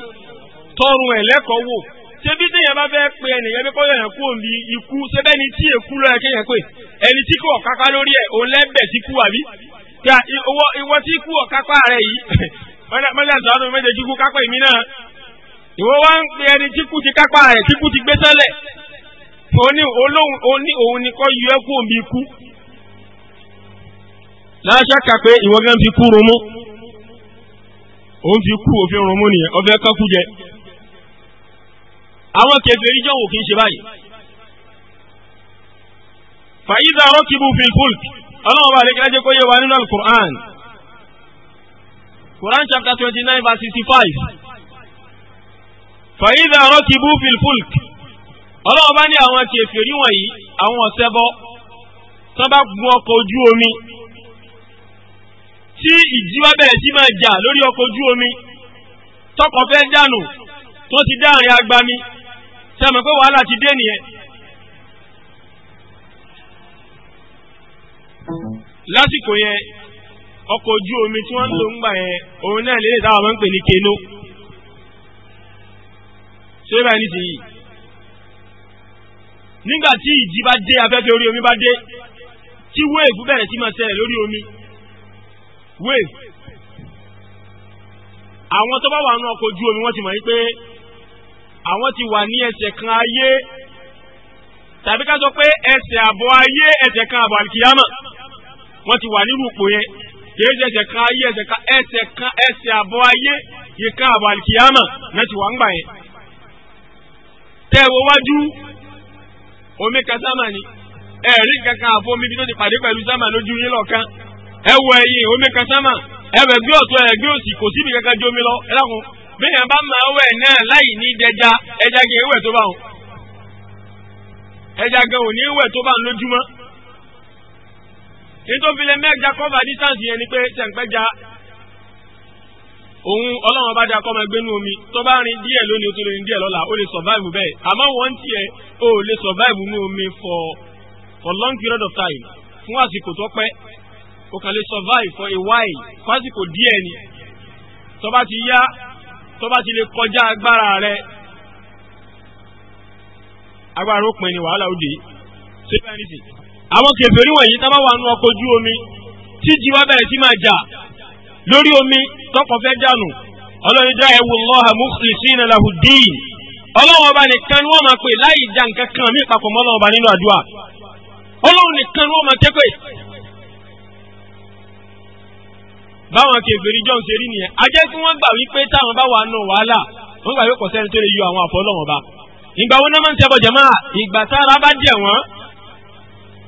tọrùn ẹ̀ lẹ́kọ̀ọ́ wò ṣé bí sèyàn bá fẹ́ pe ẹnìyẹn bí kọ́yọ̀ yẹn kú òbí ikú ṣé ni tí èkú lọ́yẹ̀ kéèyàn pè ẹni tí kò kápá lórí ẹ̀ òun lẹ́bẹ̀ tí kú àbí. kí ìwọ tí kú ọ̀kápá rẹ̀ yìí mọ́lẹ́ àtàwọn ọmọ méjèèjì kú kápá èmi náà ìwọ wá ń pe ẹni tí kú ti kápá rẹ̀ tí kú ti gbé sẹ́lẹ̀ òní òun ni kọ́ yọ ẹ́ kú òbí ikú. láṣà kà pé ìwọ àwọn kèfèrí jọ̀wọ́ kì í ṣe báyìí. fàyíza rọ́kìbù filfulk ọlọ́run bá lẹ́kẹ́lẹ́ jẹ́ kó yé wa nínú alukur'an quran chapter twenty nine verse sixty five fàyíza rọ́kìbù filfulk ọlọ́run bá ní àwọn kèfèrí wọ̀nyí àwọn ọ̀sẹ́bọ tán bá gun ọkọ̀ ojú omi tí ìjíwá bẹ̀rẹ̀ sí máa jà lórí ọkọ̀ ojú omi tọkọ̀ fẹ́ dànù tó ti dáàrin agbami sẹ́mi pé wàhálà ti dé nìyẹn. lásìkò yẹn ọkọ̀ ojú omi tí wọ́n ń lò ń gbà yẹn òun náà lè dáwọ́ máa ń pè ní kéno. ṣé báyìí nìyí nígbà tí ìjì bá dé afẹ́fẹ́ orí omi bá dé tí wave bẹ̀rẹ̀ sí máa ṣẹlẹ̀ lórí omi wave àwọn tó bá wà nù ọkọ̀ ojú omi wọ́n ti mọ̀ yí pé àwọn ti wà ní ẹsẹ̀ kan ayé tàbí ká sọ pé ẹsẹ̀ àbọ̀ ayé ẹsẹ̀ kan àbọ̀ àlìkìyàmà wọ́n ti wà nínú ipò yẹn kìí ṣe ẹsẹ̀ kan ayé ẹsẹ̀ kan ẹsẹ̀ kan ẹsẹ̀ àbọ̀ ayé yìí kan àbọ̀ àlìkìyàmà náà ti wà ń gbà yẹn. tẹ́ ẹ wo wájú omi kan sámà ni ẹ rí kankan àbọ̀ omi bí tó ti pàdé pẹ̀lú sámà lójú yín lọ́ọ̀kan ẹ wọ ẹ̀yìn omi kan sámà ẹ bẹ̀ gbé ọ̀tọ̀ ẹ gbé òsì kò síbi kankan ju lọ ẹ dákun bẹ́ẹ̀ bá máa wẹ̀ náà láì ní dẹja ẹja gan ìwẹ̀ tó bá wọn ẹja gan ò ní ìwẹ̀ tó bá wọn lójúmọ́ nítorí lẹ mẹ́ja cover distance yẹn ni pé tẹ̀ǹpẹ́ja òun ọlọ́run bá dáa kọ́ máa gbénú omi tó bá rin díẹ̀ lónìí ó tún lè rin díẹ̀ lọ́la ó lè survive bẹ́ẹ̀ àmọ́ wọ́n tiẹ̀ ó lè survive ní omi for for long period of time fún àsìkò tó pẹ́ ó kàn lè survive for a while fún àsìkò díẹ̀ ni tó bá ti yá tó bá ti lè kọjá agbára rẹ agbára ó pin ni wàhálà ó dé àwọn kèfèrí wọ̀nyí tá a bá wà nù omi tí wa bẹrẹ sí máa jà lórí omi tọkọ̀ ofe jano. ọlọrin dá ẹ̀wù lọ́ha mukhlisina lahu ddin ọlọ́run ọba nìkan ni máa pè láì já nǹkan kan mí mọ́ ọba nínú àdúrà ọlọ́run nìkan ni wọ́n máa báwọn kèfèrí john ṣe rí nìyẹn a jẹ́ kí wọ́n gbà wípé táwọn bá wà nù wàhálà wọ́n gbà wípé kọ̀sẹ́ni tó lè yọ àwọn àfọlọ́wọ́n bá ìgbà wọn náà máa ń ṣẹbọ jẹ̀mọ́ ìgbà tára bá jẹ̀ wọ́n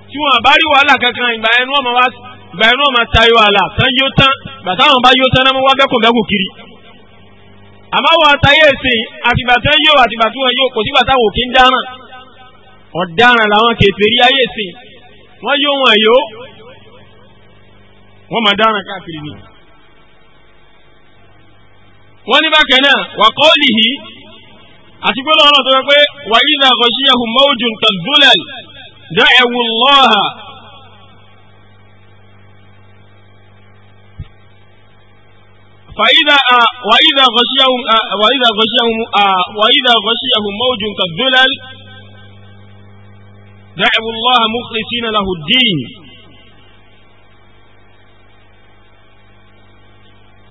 tí wọn bá rí wàhálà kankan ìgbà ẹnu ọmọ wa ìgbà ẹnu ọmọ ta yọ àlà tán yóò tán ìgbà táwọn bá yóò tán náà wọ́n wá bẹ́kùn bẹ́kùn kiri àmọ́ wọn àtàyè ìsìn àtìgbà tán yóò àtìgbà tí wọn yóò kò sígbà táwọn òkè ń dáràn ọ̀daràn làwọn kèfèrí ayé ìsìn wọ́n yóò wọn yóò wọ́n máa dáràn káàkiri ni wọ́n ní bákan náà wà kọ́ọ̀lì yìí àti pé lọ́wọ́ tó yẹ pé wà yìí náà kò ṣí ẹ̀hùn mọ́ọ̀dùn kàdúlẹ̀ dá ẹ̀wù lọ́ọ̀hà. فإذا آه وإذا غشيهم آه وإذا غشيهم آه وإذا غشيهم موج كالذلل دعوا الله مخلصين له الدين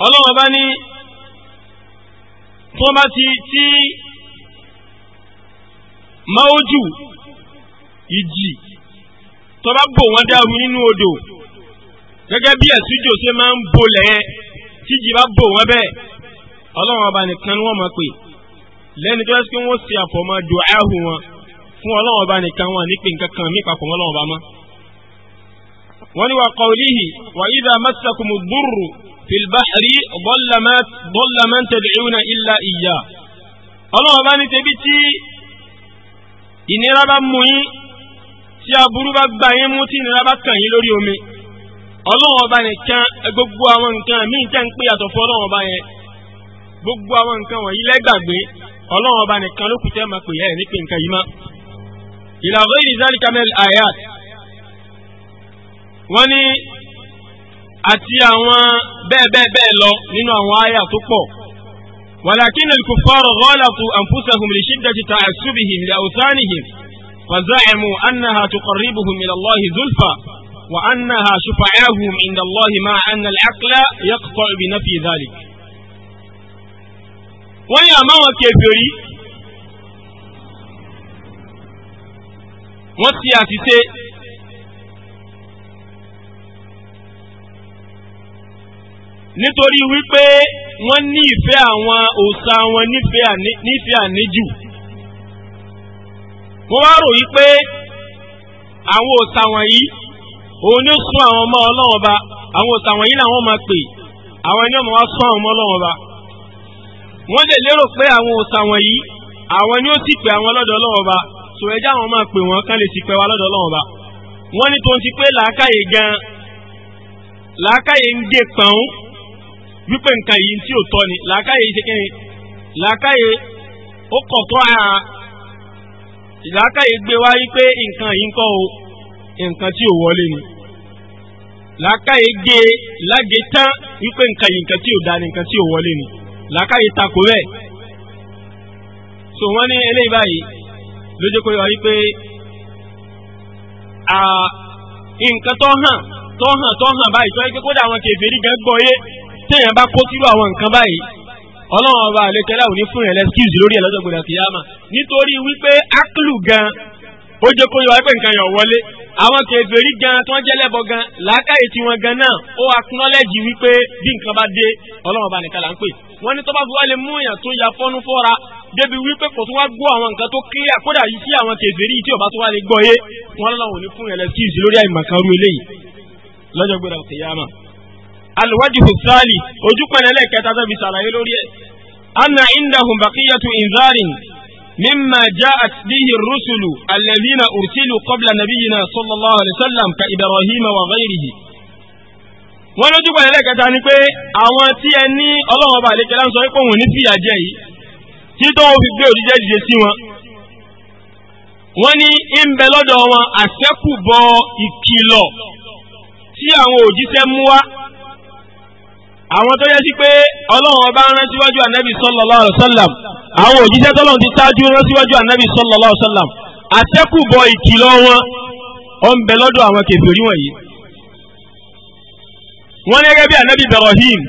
الله بني tí wọ́n bá ti tí máójù ìjì tó bá bò wọ́n dàrú nínú odò gẹ́gẹ́ bí ẹ̀sùjò ṣe máa ń bolẹ̀ yẹn tíjì bá bò wọ́n bẹ́ẹ̀ ọlọ́run ọba nìkan ni wọ́n máa pè lẹ́ni tó yẹ kí wọ́n ṣe àfọ̀mọ́ dùn áhù wọn fún ọlọ́run ọba nìkan wọn ní pé nǹkan kan mí papọ̀ ọlọ́run ọba mọ́. wọ́n ní wa qawlihi wa idha massakumu durru في البحر ضل ما ضل من تدعون إلا إياه الله باني تبتي إني ربا موي tí aburú bá gba yín mú tí ìnira bá kàn yín lórí omi ọlọ́run ọba nìkan gbogbo àwọn nǹkan míì tẹ́ ń pè yàtọ̀ fún ọlọ́run ọba yẹn gbogbo àwọn nǹkan wọ̀nyí lẹ́gbàgbé ọlọ́run ọba nìkan ló kù tẹ́ máa pè yẹn nípe nǹkan yìí mọ́. ìlànà ìdí zálì kamel ayat wọ́n ní àti àwọn bẹ́ẹ̀ bẹ́ẹ̀ bẹ́ẹ̀ lọ nínú àwọn àyà tó pọ̀ walakin al-kuffar ghalatu anfusahum li shiddati ta'assubihim li awthanihim فزعموا أنها تقربهم إلى الله زلفى وأنها شفعاهم عند الله مع أن العقل يقطع بنفي ذلك ويا ما كفري وسياسي nítorí wípé wọ́n ní ìfẹ́ àwọn òòṣà wọn nífẹ́ àníjù wọ́n wá rò wípé àwọn òòṣà wọ̀nyí òun ni ó sún àwọn ọmọ Ọlọ́run Ọba àwọn òòṣà wọ̀nyí làwọn máa pè àwọn ẹni ọmọ wa sún àwọn ọmọ Ọlọ́run Ọba wọ́n lè lérò pé àwọn òòṣà wọ̀nyí àwọn ni ó sì pè àwọn lọ́dọ̀ Ọlọ́run Ọba sọ ẹjẹ́ àwọn máa pè wọ́n kán lè sì pè wá lọ́dọ̀ Ọlọ́run Ọba wọ́n ní tó ń ti pé làákàyè gan làákàyè ń gé pọ̀n wípé nǹkan yìí tí ò tọ́ ni làákàyè ṣe kí làákàyè ó kọ̀ ara làákàyè gbé wá wípé nǹkan yìí ń kọ́ o nǹkan tí ò wọlé ni làákàyè gé lágé tán wípé nǹkan yìí nǹkan tí ò da ni nǹkan tí ò wọlé ni làákàyè takò bẹ́ẹ̀ so wọ́n ní eléyìí báyìí lójú kó yọ wípé nǹkan tó hàn tó hàn tó hàn báyìí tó yẹ kó dà àwọn kèfèrí gẹ́gbọ́ yé téèyàn bá kó sírú àwọn nǹkan báyìí ọlọ́run ọba àlékẹ́lá ò ní fún yẹn lẹ́skíùsì lórí ẹ̀ lọ́jọ́ gbọdọ̀ kìyàmà nítorí wípé áklù gan ó jẹ́ kó yọ ẹgbẹ́ nǹkan yàn wọlé àwọn kèfèrí gan tó ń jẹ́lẹ́bọ gan làákàyè tiwọn gan náà ó akúnọ́lẹ́jì wípé bí nǹkan bá dé ọlọ́run ọba nìkan là ń pè wọ́n ní tó bá fi mú èèyàn tó ya fọ́nú fọ́ra débi wípé kò tó wá gbọ́ àwọn nǹkan tó kílíà kódà yìí sí àwọn kèfèrí tí ọba tó wá lè gbọ́ yé wọ́n lọ́wọ́ ní fún yẹn lẹ́skíùsì lórí àìmọ̀kan rú eléyìí lọ́jọ́ gbọdọ̀ kìyàmà alwajhu sali ojú pẹ̀lẹ́lẹ̀ kẹta tó fi ṣàlàyé lórí ẹ̀ anna indahum baqiyatu inzarin mimma ja'at bihi rusulu alladhina ursilu qabla nabiyyina sallallahu alaihi wasallam ka ibrahima wa ghayrihi wọ́n lójú pẹ̀lẹ́lẹ̀ kẹta ni pé àwọn tí ẹ ní ọlọ́run ọba àlekẹ́lá ń sọ pé òun ní fìyà jẹ yìí títọ́ òfi gbé òjíjẹ́ dìde sí wọn wọ́n ní ń bẹ lọ́dọ̀ wọn àṣẹ́kùbọ̀ ìkìlọ̀ tí àwọn òjíṣẹ́ mú wá àwọn tó yẹ sí pé ọlọ́run ọba rán síwájú ànábì sallallahu alaihi wasallam àwọn òjíṣẹ́ tọ́lọ́run ti ṣáájú rán síwájú ànábì sallallahu alaihi wasallam àtẹ́kùbọ̀ ìkìlọ̀ wọn ó ń bẹ lọ́dọ̀ àwọn kèfèrí wọ̀nyí. wọ́n ní gẹ́gẹ́ bí ànábì Ibrahim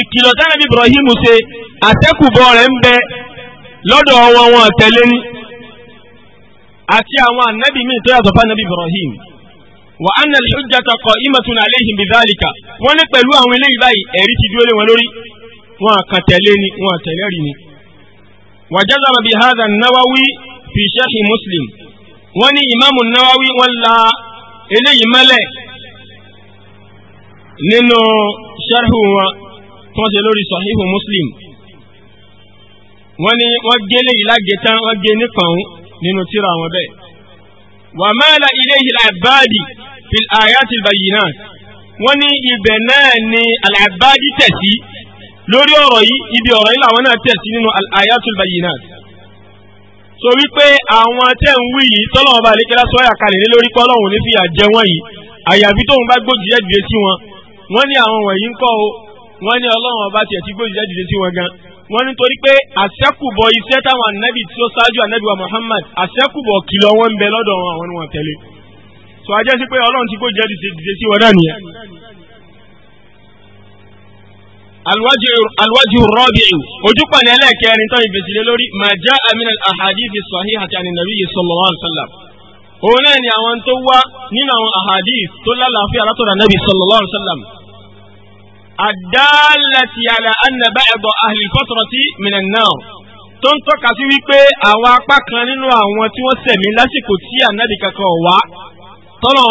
ìkìlọ̀ tánábì Ibrahim ṣe àtẹ́kùbọ̀ rẹ̀ ń bẹ lọ́dọ̀ wọn wọn tẹ̀lé ní àti àwọn ànábì míì tó yàtọ̀ Ibrahim wà á nà al-hujjata qa'imatun alayhim bidhalika wọ́n ní pẹ̀lú àwọn eléyìí báyìí ẹ̀rí ti dúró lé wọn lórí wọn kàn tẹ̀lé ni wọn tẹ̀lé rí ni. wa jazama bi hadha an-Nawawi fi Sharh Muslim wọ́n ní ìmáàmù Nawawi wọ́n la eléyìí mẹ́lẹ̀ nínú sharhu wọn tó ṣe lórí sahihu Muslim wọ́n ní wọ́n gé léyìí lágé tán wọ́n gé e nípàún nínú tíra wọn bẹ́ẹ̀ wà mẹ́lẹ̀ fil ayati al-bayyinat wọ́n ní ibẹ̀ náà ni al-Abbadi tẹ̀sí lórí ọ̀rọ̀ yìí ibi ọ̀rọ̀ yìí làwọn náà tẹ̀sí nínú al-ayati al-bayyinat so wípé àwọn tẹ́ ń wí yìí tọ́lọ́ ọba àlékẹ́lá sọ ẹ̀yà kalẹ̀ lórí pọ́lọ́hùn ní fìyà jẹ wọ́n yìí àyàfi tóun bá gbójìyà dìde sí wọn wọ́n ní àwọn wọ̀nyí ń kọ́ o wọ́n ní ọlọ́run ọba tiẹ̀ ti gbójìyà dìde sí wọn gan wọ́n ní torí pé àṣẹ́kùbọ̀ iṣẹ́ táwọn ànábì tí ó ṣáájú ànábì wa Muhammad àṣẹ́kùbọ̀ kìlọ̀ wọn ń bẹ lọ́dọ̀ wọn àwọn ni wọ́n tẹ̀lé sọ ajẹ́ sí pé ọlọ́run ti kó jẹ́ dìde sí wọ́dà nìyẹn. alwájú rọ́bì ojú pàdé ẹlẹ́ẹ̀kẹrin tán ìfèsìlẹ̀ lórí màjá aminal ahadithi sahihati àti nàbíyí sallallahu alaihi wasallam òun náà ni àwọn tó wá nínú àwọn ahadith tó lálàáfíà látọ̀dọ̀ nàbí sallallahu alaihi wasallam àdáàlàtì àlà ànàbà ẹ̀bọ̀ àhìlìfọ́tọ̀rọ̀tì mìíràn náà tó ń tọ́ka sí wípé àwọn apá kan nínú àwọn tí wọ́n sẹ̀mí lásìkò tí ànábì kankan wá tọ́lọ̀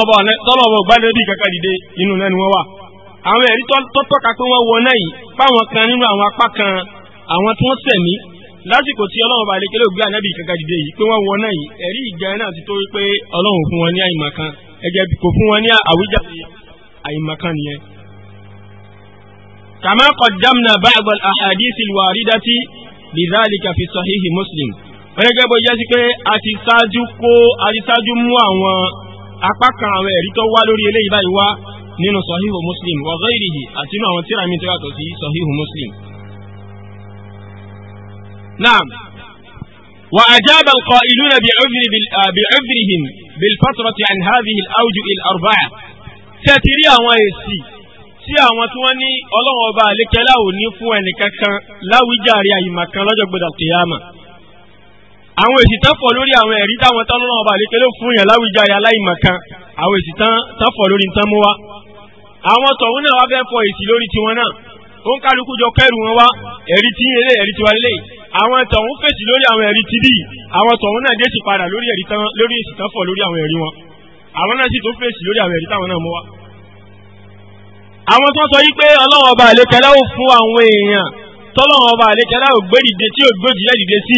ọba gbádẹ́bí kàkà dìde inú náà ni wọ́n wà àwọn ẹ̀rí tó tọ́ka pé wọ́n wọ náà yìí páwọn kan nínú àwọn apá kan àwọn tí wọ́n sẹ̀mí lásìkò tí ọlọ́run bá lékelé ògbé ànábì kàkà dìde yìí pé wọ́n wọ náà yìí ẹ̀rí ìgbà náà ti tó wípé ọlọ́run fún wọn ní àyìnmọ̀ kan ẹ̀jẹ̀ kò fún wọn ní àwíjàre àyìnmọ̀ kan nìyẹn. kàmá qaddamna ba'd al muslim. wọ́n gẹ́gẹ́ bó jẹ́ sí pé a ti apá kan àwọn ẹ̀rí tó wá lórí eléyìí báyìí wá nínú sahihu muslim wa ghayrihi àti inú àwọn tíra mi tó yàtọ̀ sí sahihu muslim. naam wa ajaba alqa'iluna bi'udhrihim ah, bilfatrati an hadhihi alawju al-arba'a tẹ́tìrí àwọn èsì tí àwọn tí wọ́n ní ọlọ́wọ́ ọba àlékẹ́lá ní fún ẹnìkankan láwùjáre àyìmọ̀kan lọ́jọ́ gbọdọ̀ kìyàmà àwọn èsì tán fọ̀ lórí àwọn ẹ̀rí táwọn tán lọ́wọ́ ọba àlékelé fún yàn láwùjáyà aláìmọ̀kan àwọn èsì tán tán fọ̀ lórí tán mú wa. àwọn tọ̀hún náà wá fẹ́ fọ̀ èsì lórí tiwọn náà ó ń kálukú jọ kẹ́rù wọn wá ẹ̀rí tí ilé ẹ̀rí tiwa lé àwọn tọ̀hún fèsì lórí àwọn ẹ̀rí ti bí àwọn tọ̀hún náà dẹ́sì padà lórí ẹ̀rí tán lórí èsì tán fọ̀ lórí àwọn ẹ̀rí wọn àwọn náà sì tó fèsì lórí àwọn ẹ̀rí táwọn náà mú wa. àwọn tó sọ yí pé ọlọ́wọ́ ọba àlékelé ò fún àwọn èèyàn tọ́lọ́wọ́n ọba àlékẹ́lá ògbédìde tí ògbédìde dìde sí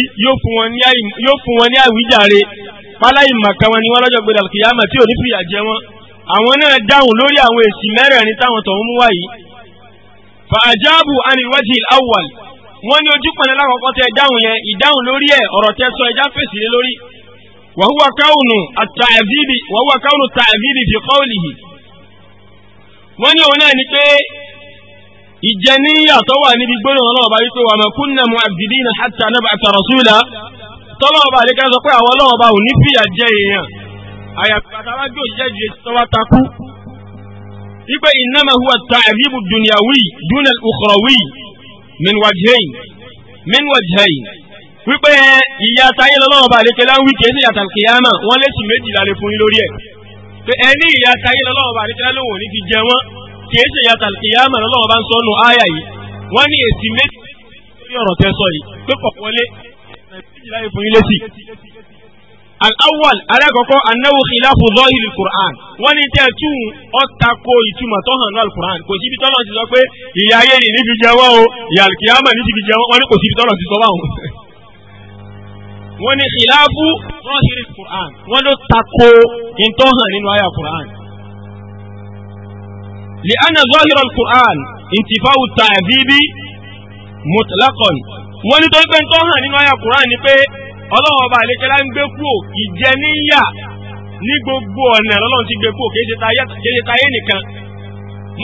yóò fún wọn ní àwíjàre páláìmọ̀kan wọn ni wọ́n lọ́jọ́ gbẹdọ̀ kìyàmọ̀ tí ò ní fìyà jẹ wọn àwọn náà dáhùn lórí àwọn èsì mẹ́rẹ̀ẹ̀rin táwọn tọ̀hún mú wáyìí fàájáàbù anìwájì awwal wọ́n ní ojú pẹ̀lẹ́ lákọ̀ọ́kọ́ tẹ dáhùn yẹn ìdáhùn lórí ẹ̀ ọ̀rọ̀ tẹ sọ ẹja fèsì lé lórí wàhúwà káwùnù tààvídì ni pé ìjẹníyà tó wà níbi gbóná ọlọ́wọ́ bá wípé wà máa kún náà mú àbìdí ní hatta náà bàtà rasúlà tọ́lọ́wọ́ bá àdékẹ́ sọ pé àwọn ọlọ́wọ́ bá ò ní fìyà jẹ èèyàn àyàfi àtàwá bí òṣìṣẹ́ ju èsì tọ́wá takú. wípé innama huwa ta'dhibu dunyawi duna al-ukhrawi min wajhayn min wajhayn wípé ìyá kìí ṣe yàtà kìyàmà lọ́wọ́ bá ń sọ́nu áyà yìí wọ́n ní èsì méjì lórí ọ̀rọ̀ tẹ́ sọ yìí pé kọ̀ wọlé ìlàyé fún yín létí. al-awwal alákọ̀ọ́kọ́ anáwó khilafu zọ́hìlì qur'an wọ́n ní tẹ́ tú ọ̀ta ko ìtumọ̀ tó hàn ní al-qur'an kò síbi tọ́lọ̀ ti sọ pé ìyá ayé ni níbi jẹ́wọ́ o ìyá kìyàmà ní síbi jẹ́wọ́ wọ́n ní kò síbi tọ́lọ̀ ti sọ báwọn. wọ́n ní khilafu zọ́hìlì qur'an wọ́n ló ta ko ìtọ́hàn nínú àyà qur'an. لأن ظاهر القرآن انتفاء التعذيب مطلقا wọ́n ní torí pé ń tọ́ hàn nínú àyà Qur'an ni pé ọlọ́run ọba àlekẹ́lá ń gbé kúrò ìjẹníyà ní gbogbo ọ̀nà lọ́lọ́run ti gbé kúrò kéde táyé nìkan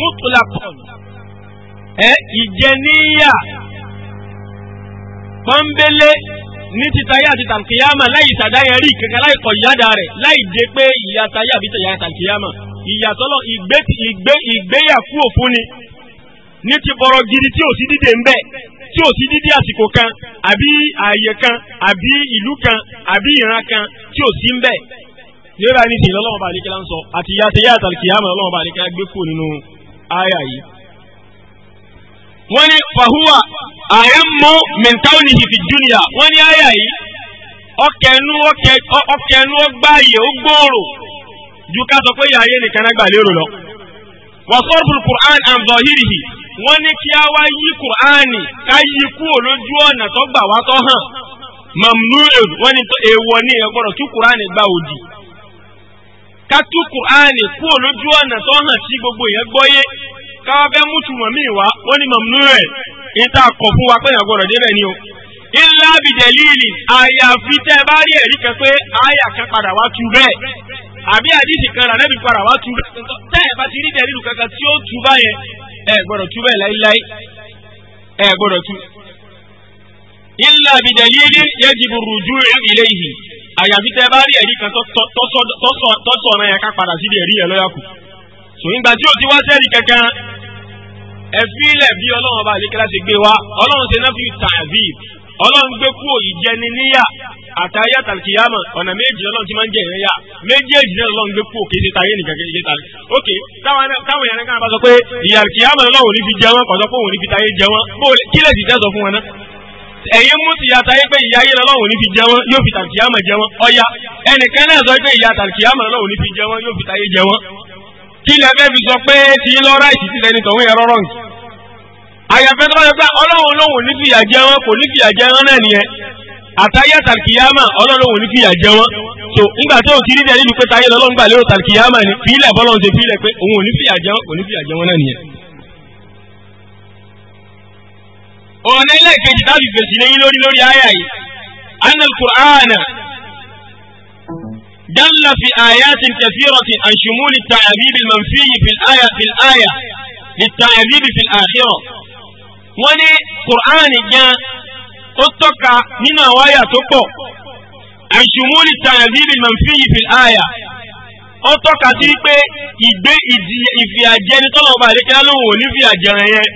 mutlaqan ẹ ìjẹníyà pọ́nbélé ní titayé àti tàǹkìyàmà láì ìsàdáyẹrí kankan láì kọ̀ ìyáda rẹ̀ láì dé pé ìyá tayé àbí tàǹkìyàmà ìyàtọ̀lọ̀ ìgbé ìgbé ìgbéyà kúrò fún ni ní ti bọ̀rọ̀ gidi tí ò sí dídè ń bẹ tí ò sí dídé àsìkò kan àbí ààyè kan àbí ìlú kan àbí ìran kan tí ò sí ń bẹ yóò bá ní sìn lọ́lọ́mọba àdékẹ́lá ń sọ àti yàtẹ̀ yàtà kìyàmù lọ́lọ́mọba àdékẹ́lá gbé kúrò nínú àyà yìí. wọ́n ní fahuwa àyẹ̀mú mẹ́ntàlì hìfì júnìyà wọ́n ní àyà yìí ọkẹ̀nu ọgbààyè ó ju ká sọ pé ìyá ayé nìkan náà gbà lérò lọ. wàsọ́ọ̀bù qur'an and zahirihi wọ́n ní kí a wá yí qur'ani ká yí kúrò lójú ọ̀nà tó gbà wá tó hàn mamnu'u wọ́n ní èèwọ̀ ní ẹ̀gbọ́dọ̀ tú qur'ani gbà òdì. ká tú qur'ani kúrò lójú ọ̀nà tó hàn sí gbogbo ìyẹn gbọ́yé ká wá fẹ́ mútùmọ̀ míì wá wọ́n ní mamnu'u ìta kọ̀ fún wa pé ẹ̀gbọ́dọ̀ débẹ̀ ni o ilá bìdẹ̀lìlì àyàfi tẹ́ bá rí ẹ̀rí kan àbí àdìsí kan rà nẹ́bí para wá tu tẹ́ ẹ̀ bá ti rí dẹ̀rílù kankan tí ó tu báyẹn ẹ gbọ́dọ̀ tu bẹ́ẹ̀ láíláí ẹ gbọ́dọ̀ tu. illa bi dalilin yajibu rujuu ilayhi àyàfi tẹ́ bá rí ẹ̀rí kan tọ́sọ̀ náà yẹn ká padà sí ẹ̀rí yẹn lọ́yà kù. sòyìngbà tí o ti wá sẹ́ẹ̀rì kankan ẹ fílẹ̀ bí ọlọ́run ọba àlékelá ṣe gbé wa ọlọ́run ṣe náà fi tàbí ọlọ́run gbé kúrò yìí jẹni níyà àtàyà tàlùkìyàmà ọ̀nà méjì ọlọ́run ti máa ń jẹ ìrìnyà méjèèjì náà ọlọ́run gbé kúrò kéde tayé nìkan kéde tayé ok táwọn yẹn kan bá sọ pé ìyàlùkìyàmà ọlọ́run ní fi jẹ wọn kọ̀sọ́ pé òun ní fi tayé jẹ wọn kí lè sì tẹ́ sọ fún wọn náà ẹ̀yin mú ti yàtà yí pé ìyá ayé lọ́wọ́ ní ní fi jẹ wọn yóò fi tayé jẹ wọn kí ti lẹni tọ̀hún yẹn àyàfẹ́ tó bá yẹ pé ọlọ́run lòun ní fìyà jẹ wọn kò ní fìyà jẹ wọn náà nìyẹn àtàyè tàlkìyàmà ọlọ́run lòun ní fìyà jẹ wọn so nígbà tó ò ti rí dẹ́rẹ́lì pé táyé lọ́lọ́run gbà lérò tàlkìyàmà ni fílẹ̀ bọ́lọ́run ṣe fílẹ̀ pé òun ò ní fìyà jẹ wọn kò ní fìyà jẹ wọn náà nìyẹn. ọ̀nà ilé ìkejì tábì fèsì lẹ́yìn lórí lórí àyà yìí anna al-Qur'ana دل في آيات كثيرة عن شمول التعذيب المنفي في الآية في الآية للتعذيب في الآخرة wọ́n ní Qur'an gan ó tọ́ka nínú àwọn àyà tó pọ̀ àìṣùmúlì tàyàzírì mọ̀fíyì fi àyà ó tọ́ka sí pé ìgbé ìfìyàjẹni tọ́lọ́ọ̀bà àdékẹ́lá ló ń wò ní fìyàjẹrẹ yẹn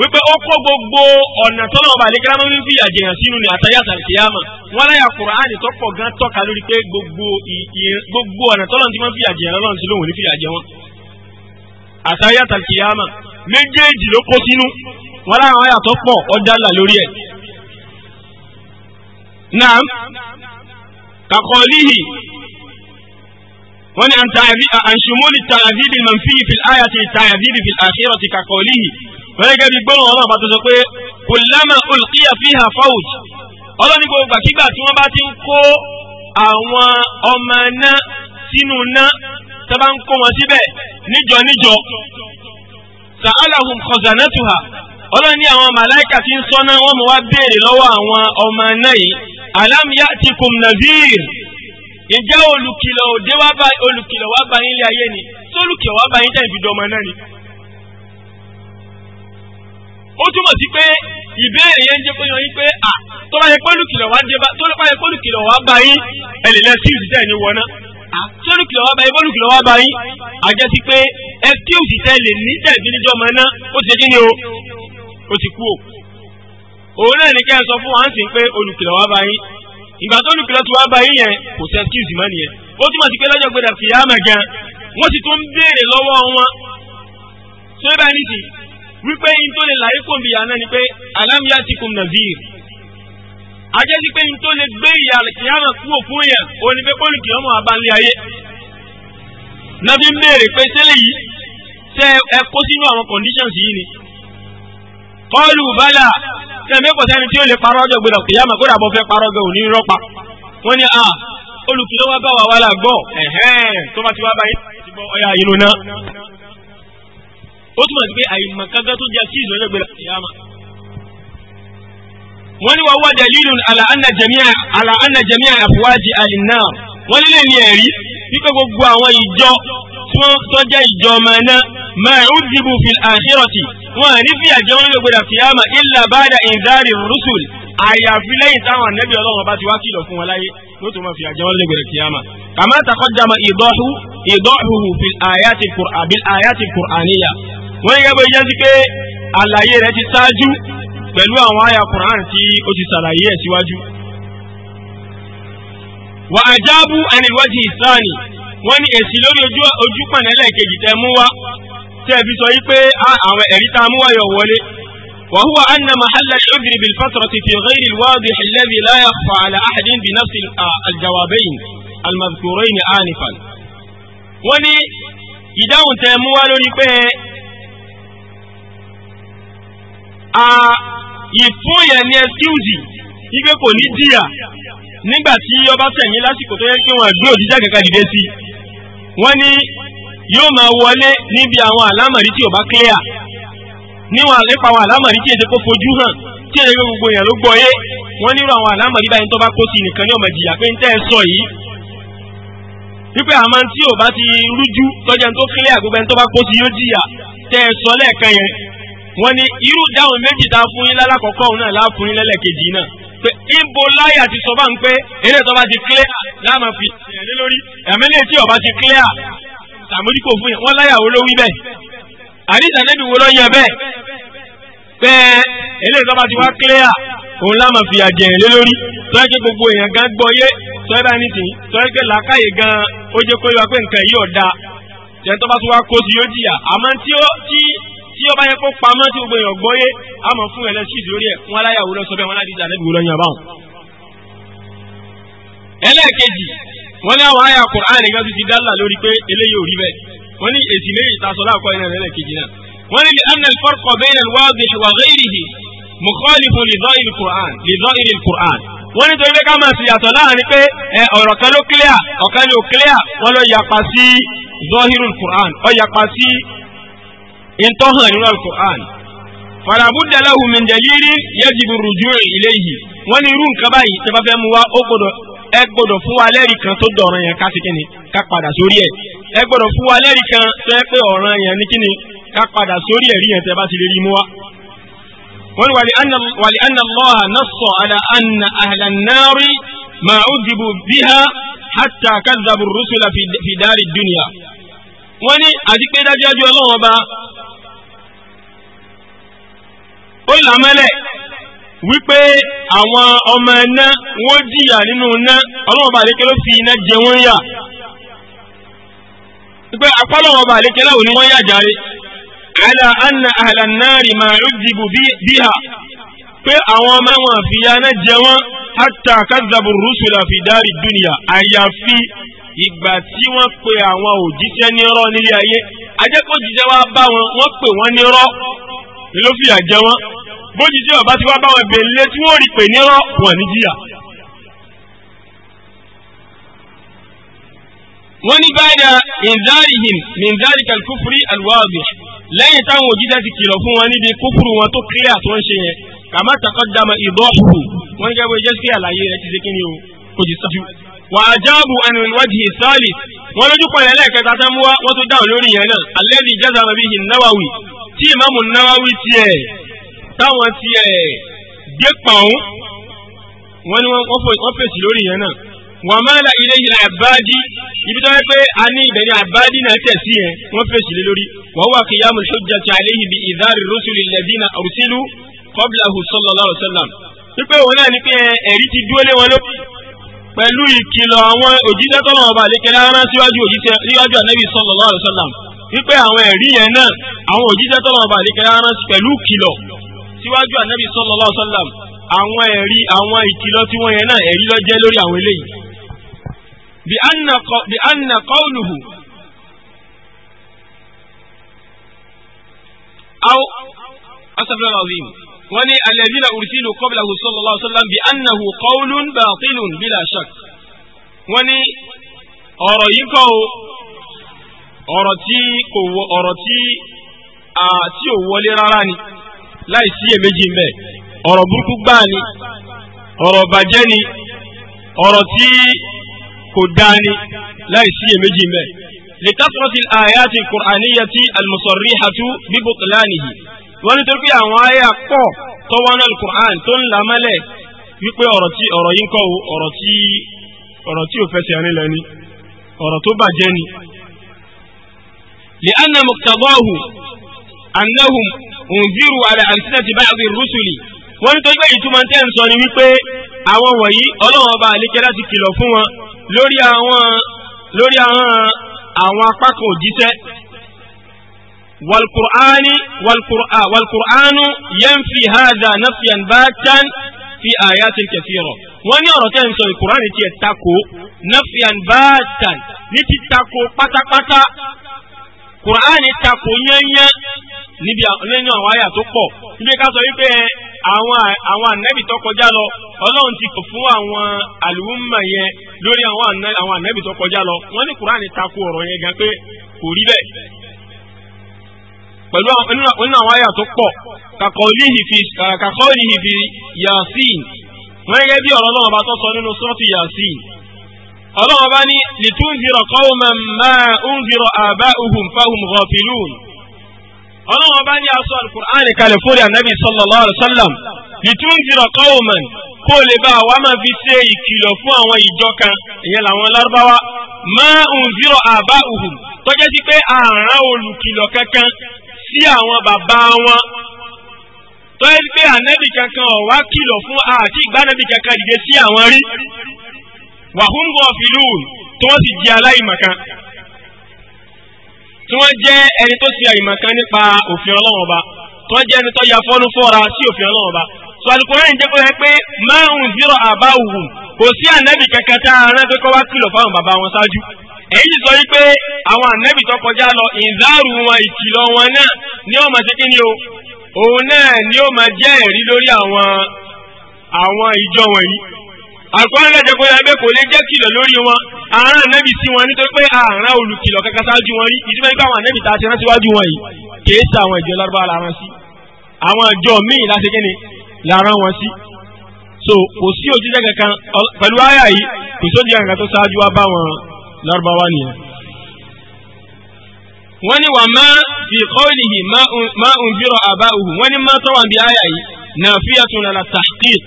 wípé ó kó gbogbo ọ̀nà tọ́lọ́ọ̀bà àdékẹ́lá ló ń fìyàjẹrẹ sínú ní àtàyà sàlìkìyàmà wọn láyà Qur'an tó pọ̀ gan tọ́ka lórí pé gbogbo ọ̀nà tọ́lọ́ọ̀ méjèèjì ló kó sínú wọn láwọn àyà tó pọ̀ ọjà ńlá lórí ẹ̀. naam kakọ́líhì wọ́n ní àǹṣùmọ́lì tààzídì man fihi fil ayati tààzídì fil akhirati kakọ́líhì wọ́n gẹ́gẹ́ bí gbọ́dọ̀ ọlọ́run bá tó sọ pé kullama ulqiya fiha fawj ọlọ́ni gbogbo àkígbà tí wọ́n bá ti ń kó àwọn ọmọ náà sínú náà tó bá ń kó wọn síbẹ̀ níjọ níjọ sàálàhùn kọ̀zánátùhà ọlọ́ni àwọn màláìkà tí ń sọ́nà wọ́n mú wá béèrè lọ́wọ́ àwọn ọmọ náà yìí alámiyá ti kùm nàzír ǹjẹ́ olùkìlọ̀ òde wá bá olùkìlọ̀ wá bá yín lé ayé ni tó olùkìlọ̀ wá bá yín tẹ̀ fi dọ́mọ náà ni. ó túmọ̀ sí pé ìbéèrè yẹn ń jẹ́ pé yan yín pé à tó bá yẹ pé olùkìlọ̀ wá bá yín ẹ̀ lè lẹ́ ìdíjẹ́ ìníwọ̀n náà. Ah, sórí kìlọ̀ wá báyìí bọ́ọ̀lù kìlọ̀ wá báyìí àjẹsí pé excuse tẹ lè ní tẹ̀bí níjọ́ ọmọ náà ó ti ṣe kí o ó ti kú o òun náà ní kẹ́ ẹ sọ fún wa ń sìn pé olùkìlọ̀ wá báyìí ìgbà tó olùkìlọ̀ ti wá báyìí yẹn kò sí excuse mọ́ nìyẹn ó túmọ̀ sí pé lọ́jọ́ gbọdọ̀ fi yá mẹ́ gan wọ́n sì tún béèrè lọ́wọ́ wọn ṣé báyìí nìsí wípé in tó lè láyé kò ń bìyà náà ni pé alámúyá ti ajẹ́sí pé nítorí lè gbé ìyá kìyàmà kú òkun yẹn òní pé pọ́lù kìyàmà abalẹ̀ ayé nàbí mèrè pé sẹ́lẹ̀ yìí tẹ ẹ kó sínú àwọn conditions yìí ni kọ́ọ̀lù bala. tẹ̀mí kò sẹ́ni tí ó lè parọ́ ọjọ́ gbọdọ̀ kìyàmà kó dàbọ̀ fẹ́ parọ́ ọjọ́ òní rọ́pa wọ́n ní a olùkìlọ́ wa bá wa wà lágbọ́ tó bá ti wá báyìí ti gbọ́ ọyà ìlú náà ó túmọ̀ sí pé àyè wọ́n ní wàá wá dalilun ala anna jami'a ala anna jami'a afwaji alinna wọ́n nílé ní ẹ̀rí wípé gbogbo àwọn ìjọ tí wọ́n tọ́jà ìjọ ọmọ náà máa ń dìbò fil akhirati wọn ní fi àjọ wọn ló gbọdọ̀ fìyàmà illa ba'da inzari rusul àyàfi lẹ́yìn táwọn ànábì ọlọ́run bá ti wá kìlọ̀ fún wọn láyé ló tó máa fi àjọ wọn lé gbọdọ̀ kìyàmà. kama taqaddama ìdọ́hu ìdọ́huhu fi àyàtì kùránìyà wọ́n ní gẹ́gẹ́ bí ó yẹ sí pé àlàyé rẹ̀ ti ṣáájú pẹ̀lú àwọn àyà Qur'an tí ó ti ṣàlàyé ẹ̀ síwájú. wà á jábù ànìwájú ìsáàní wọ́n ní èsì lórí ojú pànẹ́lẹ̀ kejì tẹ́ mú wá tẹ́ fi sọ yí pé àwọn ẹ̀rí tá a mú wá yọ wọlé. وهو أن محل العذر بالفترة في غير الواضح الذي لا يخفى على أحد بنفس الجوابين المذكورين آنفا وني ìdáhùn tẹ mú wá lórí pé ìfún yẹn ní ẹskíwùsì wípé kò ní díyà nígbà tí ọba tẹ̀yìn lásìkò tó yẹ kí wọ́n gbé òjíṣẹ́ kankan dìde sí wọ́n ní yóò máa wọlé níbi àwọn àlámọ̀rí tí ò bá clear níwọ̀n nípa àwọn àlámọ̀rí tí èdè kó fojú hàn tí èdè gbogbo èèyàn ló gbọ́ yé wọ́n nírú àwọn àlámọ̀rí báyìí tó bá kó sí nìkan ní ọmọ ìjìyà pé ń tẹ́ ẹ sọ yìí wípé àmọ́ tí ò ti rújú tọ́jà tó clear gbogbo ẹni tó bá kó sí yóò jìyà tẹ́ ẹ sọ lẹ́ẹ̀kan yẹn wọ́n ní irú dáhùn méjì tá a fún yín lálàkọ́kọ́ òun náà láàfún yín lẹ́lẹ́kejì náà pé ibo láyà ti sọ bá ń pé eré tó bá ti clear láàmà fi ẹ̀rí lórí ẹ̀mí lè tí ọba ti clear sàmójúkò fún yẹn wọ́n láyà wo ló wí bẹ́ẹ̀ àdìsá nẹ́bí wo ló yẹ bẹ́ẹ̀ pé eré tó bá ti wá clear òun láàmà fi àjẹ̀rẹ̀ lé lórí tó yẹ kí gbogbo èèyàn gan gbọ́ yé tó yẹ bá ní tì tó yẹ kí làákàyè gan ó jẹ́ kó yọ pé nǹkan yìí ọ̀dà tẹ̀ tó bá tún wá kó sí yóò jìyà àmọ́ tí tí ó bá yẹ kó pamọ́ tí gbogbo èèyàn gbọ́yé a mọ̀ fún ẹlẹ́sì lórí ẹ̀ wọn aláyàwó lọ sọ bẹ́ẹ̀ wọn aládìjà lẹ́bi wúlọ́ yàn báwọn. ẹlẹ́ẹ̀kejì wọn ní àwọn àyà Qur'an nìkan ti ti dálà lórí pé eléyìí ò rí bẹ́ẹ̀ wọn ní èsì méjì tá a sọ láàkọ́ iná ẹlẹ́ẹ̀kejì náà wọn ní anna al-farqa bayna al-wadih wa ghayrihi mukhalifun li dhahiri pé ká máa fi yàtọ̀ láàrin pé ẹ ọ̀rọ̀ kan ló clear ọ̀kan ló clear wọ́n lọ yapa sí zohirul Qur'an ọ sí ntọ́hàn nínú alukur'an fàràbùdà lahum min dalili yajibu rujuu ilayhi wọ́n ní irú nǹkan báyìí tẹ́ bá fẹ́ mú wa ó gbọ́dọ̀ ẹ gbọ́dọ̀ fún wa lẹ́rìí kan tó dọ̀ràn yẹn ká sí kíni ká padà sórí ẹ̀ ẹ gbọ́dọ̀ fún wa lẹ́rìí kan tó yẹ pé ọ̀ràn yẹn ní kíni ká padà sórí ẹ̀rí yẹn tẹ́ bá ti lè rí mú wa. wọ́n wàlí anna Allaha nassa ala anna ahlan nari ma udhibu biha hatta kadhabu rusula fi dari dunya. wọ́n ní àti pé dájúdájú ọlọ́wọ́n ó là mẹ́lẹ̀ wípé àwọn ọmọ ẹ̀ná wọ́n jìyà nínú iná ọlọ́wọ́n bá lékelé fi iná jẹ wọ́n yà wípé apálọ̀wọ́n bá lékelé òní wọ́n yà járe ala anna ahlan nari ma udhibu biha pé àwọn ọmọ wọn fi yaná jẹ wọ́n hatta kazzabu rusula fi dari dunya àyàfi ìgbà tí wọ́n pe àwọn òjíṣẹ́ nírọ́ nílé ayé ajẹ́kọ̀ọ́ jíṣẹ́ wa bá wọn wọ́n pè wọ́n nírọ́ ni ló fìyà jẹ wọn bójú tí ọba ti wá báwọn ìbèlè tí wọn rí pè ní rọ wọn ní jìyà. wọ́n ní báyà ìdáríhìn ní ìdárí kàlùkùfùrí àlùwàbì lẹ́yìn táwọn òjíṣẹ́ ti kìlọ̀ fún wọn níbi kúfùrù wọn tó kílẹ̀ àti wọ́n ṣe yẹn kàmá takọ́ dama ìdọ́ọ̀fù wọ́n ní kẹ́kọ̀ọ́ jẹ́ sí àlàyé rẹ̀ ti ṣe kí ni o kò jì sáájú wà á jáàbù ẹnu ìwádìí ìsáàlì wọn lójú kan ẹlẹ́ẹ̀kẹta tán mú wá wọ́n tó dáhùn lórí yẹn náà alẹ́dì jazama bihi náwáwì tí ìmáàmù náwáwì tiẹ̀ táwọn tiẹ̀ gbé pàún wọn ni wọ́n fèsì lórí yẹn náà wọ́n máa la ilé yìí àbáàdì ibi tó yẹ pé a ní ibẹ̀ ní àbáàdì náà tẹ̀ sí yẹn wọ́n fèsì lé lórí wọ́n wà kíyàmù sójà ti àlẹ́ yìí ìdárì rọ́sùlì lẹ́dínà ọ̀rùsílù kọ́bìlà hù sallallahu alaihi wasallam wípé náà ní pé ẹ̀rí ti dúró lé wọn lórí pẹ̀lú ìkìlọ̀ àwọn òjíṣẹ́ tọ́lọ̀ ọba àlékẹ́lá rán síwájú òjíṣẹ́ síwájú ànábì sallallahu alaihi wasallam wípé àwọn ẹ̀rí yẹn náà àwọn òjíṣẹ́ tọ́lọ̀ ọba àlékẹ́lá rán pẹ̀lú ìkìlọ̀ síwájú ànábì sallallahu alaihi wasallam àwọn ẹ̀rí àwọn ìkìlọ̀ tí wọ́n yẹn náà ẹ̀rí ló jẹ́ lórí àwọn eléyìí. bí anna qawluhu aw asafilọ́lá ọ̀dùnmù wọ́n ní alẹ́bílà ursilu qablahu sallallahu alaihi wasallam bi annahu qawlun batilun bila shak wọ́n ní ọ̀rọ̀ yìí kọ́ ọ̀rọ̀ tí kò wọ ọ̀rọ̀ tí àti ò wọlé rárá ni láì sí èméjì ń bẹ ọ̀rọ̀ burúkú gbáà ni ọ̀rọ̀ bàjẹ́ ni ọ̀rọ̀ tí kò dáa ni láì sí èméjì ń bẹ. لكثرة الآيات القرآنية المصرحة ببطلانه wọ́n ní torí pé àwọn àyà pọ̀ tó wọ́n náà Qur'an tó ń là mọ́lẹ̀ wípé ọ̀rọ̀ tí ọ̀rọ̀ yìí ń kọ́ ọ̀rọ̀ tí ọ̀rọ̀ tí ò fẹsẹ̀ rìn lẹ́ni ọ̀rọ̀ tó bàjẹ́ ni. li'anna muqtadahu annahum unziru ala alsinati ba'di rusuli wọ́n ní torí pé ìtumọ̀ tẹ́ ń sọ ni wípé àwọn wọ̀nyí ọlọ́run ọba àlékẹ́ والقرآن والقرآن والقرآن ينفي هذا نفيا باتا في آيات كثيرة وأنا أردت أن القرآن يتاكو نفيا باتا نتتاكو باتا باتا قرآن يتاكو ينيا níbi lẹ́nu àwọn àyà tó pọ̀ níbi ká sọ wípé àwọn ànẹ́bì tó kọjá lọ ọlọ́run ti kọ̀ fún àwọn àlùmọ̀ yẹn lórí àwọn ànẹ́bì tó kọjá lọ wọ́n ní Kùránì takò ọ̀rọ̀ yẹn gan pé kò rí bẹ́ẹ̀ pẹ̀lú nínú àwọn àyà tó pọ̀ kàkọ́ ìlìhì fi yasin wọ́n gẹ́gẹ́ bí ọ̀rọ̀ ọlọ́wọ́ bá tó sọ nínú sọ́ọ̀tì yasin ọlọ́wọ́ bá ní litunzira qawman ma unzira aba'uhum fahum ghafilun ọlọ́wọ́ bá ní aṣọ alukur'ani kalẹ̀ fúri anabi sallallahu alayhi wa sallam litunzira qawman kó lè bá wa máa fi ṣe ìkìlọ̀ fún àwọn ìjọ kan ìyẹn làwọn lárúbáwá ma unzira aba'uhum tọ́jẹ́ sí pé àrùn olùkìlọ̀ kankan sí àwọn bàbá wọn tó yẹ pé ànábì kankan ó wá kìlọ̀ fún àti ìgbànábì kankan dìde sí àwọn rí wàhùn gọ̀ọ̀fìlùn tí wọ́n sì di aláìmọ̀kan tí wọ́n jẹ́ ẹni tó ti àìmọ̀kan nípa òfin ọlọ́wọ́n ọba tí wọ́n jẹ́ ẹni tó ya fọ́nú fọ́ra sí òfin ọlọ́wọ́n ọba sọ alukóran jẹ́ pé pé márùn-ún zero àbáwò kò sí ànábì kankan tá a rán pé kó wá kìlọ̀ fáwọn bàbá wọn ṣáájú èyí sọ wípé àwọn ànábì tó kọjá lọ ìzáàrù wọn ìkìlọ̀ wọn náà ni ó máa ṣe kí ni o òun náà ni ó máa jẹ́ ẹ̀rí lórí àwọn àwọn ìjọ wọ̀nyí àkọ́rẹ́ lẹ́jẹ̀ kó yẹ pé kò lè jẹ́ kìlọ̀ lórí wọn àárán ànábì sí wọn nítorí pé àárán olùkìlọ̀ kankan ṣáájú wọn rí ìdí mẹ́rin pé àwọn ànábì tá a ti rán síwájú wọn yìí kìí sa àwọn ìjọ lárúbáwá la rán sí àwọn ìjọ míì láti kí la rán wọn sí so kò sí òjíṣẹ́ kankan pẹ̀lú àyà yìí kò sóòjì kankan tó ṣáájú wa bá wọn lárúbáwá nìyẹn. wọ́n ní wà má fi qawlihi má ń bírọ̀ àbá òhù wọ́n ní má tọ́wà bí àyà yìí náà fi yàtọ̀ nàlà tahqiq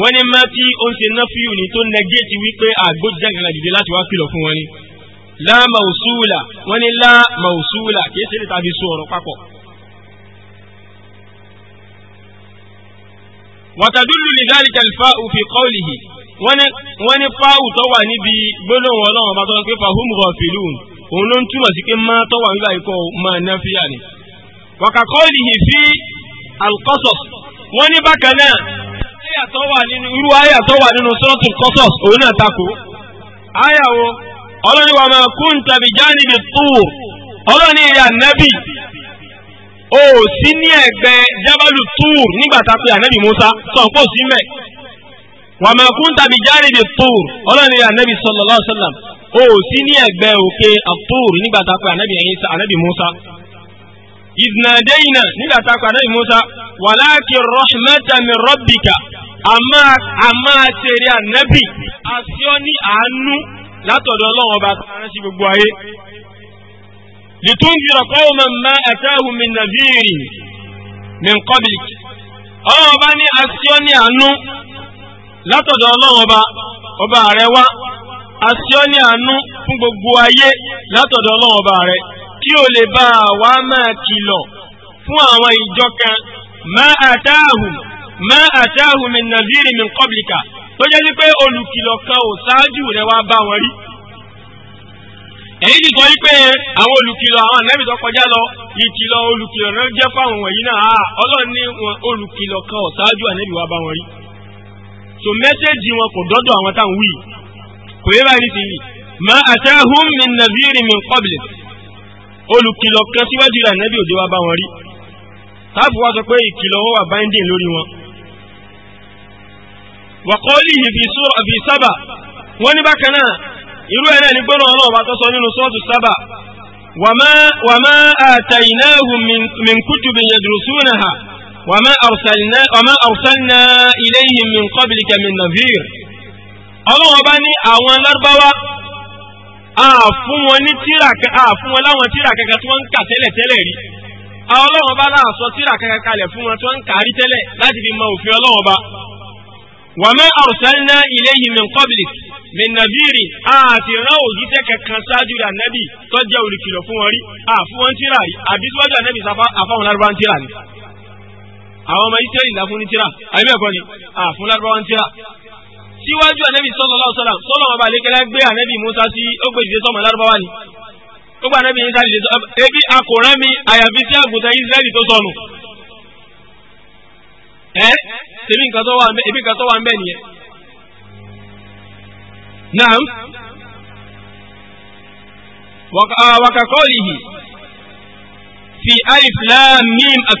wọ́n ní má tí ó ń ṣe náà fi òní tó nẹgẹ́tì wípé àgbójá gàgà dìde láti wá kìlọ̀ fún wọn ni. lá màùsùlà wọ́n ní lá màùsùlà kì ṣe lè tàbí sọ ọ̀rọ̀ papọ̀. wàtàdúlù lidhalika alfa'u fi qawlihi wọ́n ní fáwù tó wà níbi gbólóhùn ọlọ́run ọba tó wọ́n pé fahum ghafilun òun ló ń túmọ̀ sí pé má tó wà nígbà ikọ̀ máa ná fíyà ni. wàkàkọ́ ìlìhì fi al-Qasas wọ́n ní bákan náà irú àyà tó wà nínú suratul Qasas òun náà takò. àyà wo ọlọ́ni wa ma kunta bi janibi Tur ọlọ́ni ìyá nẹ́bì ó sí ní ẹ̀gbẹ́ jábàlù Tur nígbà tá a pe ànẹ́bì Musa sọ̀kò wà máa kún tàbí járe de tóòr ọlọ́run rẹ̀ anabi sallallahu alaihi wasallam ó sì ní ẹ̀gbẹ́ òkè àtóòr nígbà tá a pè anabi ẹ̀yìn sa anabi musa ìdìnnàdéyìnà nígbà tá a pè anabi musa wàláàkì rahmatan min àmà àmà tèrè anabi àṣìọ́ ní àánú látọ̀dọ̀ ọlọ́run ọba tó rán sí gbogbo ayé litunzira qawman ma atahum min nadhirin min qablik ọlọ́run ọba ní àṣìọ́ ní àánú látọ̀dọ̀ ọlọ́run ọba ọba rẹ wá àṣìọ́ ní àánú fún gbogbo ayé látọ̀dọ̀ ọlọ́run ọba rẹ kí o lè bá wa máa kìlọ̀ fún àwọn ìjọ kan máa àtàhùn máa àtàhùn min nàzírì min kọ́bìlìkà tó jẹ́ pé olùkìlọ̀ kan ò ṣáájú rẹ bá wọn rí èyí nìkan pé àwọn olùkìlọ̀ àwọn ànábì tó lọ ìkìlọ̀ so mẹ́sẹ̀jì wọn kò dọ́dọ̀ àwọn táwọn wí kò yẹ báyìí ti yìí ma atahum min nadhirin min qabli olùkìlọ̀ kan síwájú rẹ̀ nẹ́bí òde wa bá wọn rí táàbù wa sọ pé ìkìlọ̀ wọn wà binding lórí wọn. wa qawlihi fi sábà wọ́n ní bákan náà irú ẹ̀ náà ní gbọ́dọ̀ ọlọ́run bá tọ́sọ nínú sọ́ọ̀tù sábà wa ma wa ma ataynahum min kutubin wàmá àrùsàlìnà wàmá àrùsàlìnà ilayhim min qablika min nadhir ọlọ́wọ́n bá ní àwọn lárúbáwá àfún wọn ní tíra àfún wọn láwọn tíra kankan tí wọ́n ń kà tẹ́lẹ̀ tẹ́lẹ̀ rí àwọn ọlọ́wọ́n bá láàsọ tíra kankan kalẹ̀ fún wọn tí wọ́n ń kà rí tẹ́lẹ̀ láti fi mọ òfin ọlọ́wọ́n bá wàmá àrùsàlìnà ilayhim min qablik min nadhiri àti ìran òjíṣẹ́ kankan ṣáájú rẹ̀ ànábì tó jẹ́ olùkìlọ̀ fún wọn rí àfún wọn tíra rí àbí síwájú ànábì sáfà àfáwọn lárúbá ń tíra ni àwọn ọmọ israẹli là fún ní tíra àbí ẹ̀kọ́ ni àfún lárúbáwá ní tíra síwájú ànábì sallallahu alaihi wasallam sọlọ ọba àlékẹlẹ gbé ànábì musa sí ó gbé ìdílé sọmọ lárúbáwá ni ó gbé ànábì musa ìdílé sọmọ ebi akọrẹ mi àyàfi sí àgùntàn israẹli tó sọnù ẹ tèmi nǹkan tó wà ebi nǹkan tó wà ń nìyẹn. naam wàkàkọ́ọ̀lì yìí fi alif lam mim as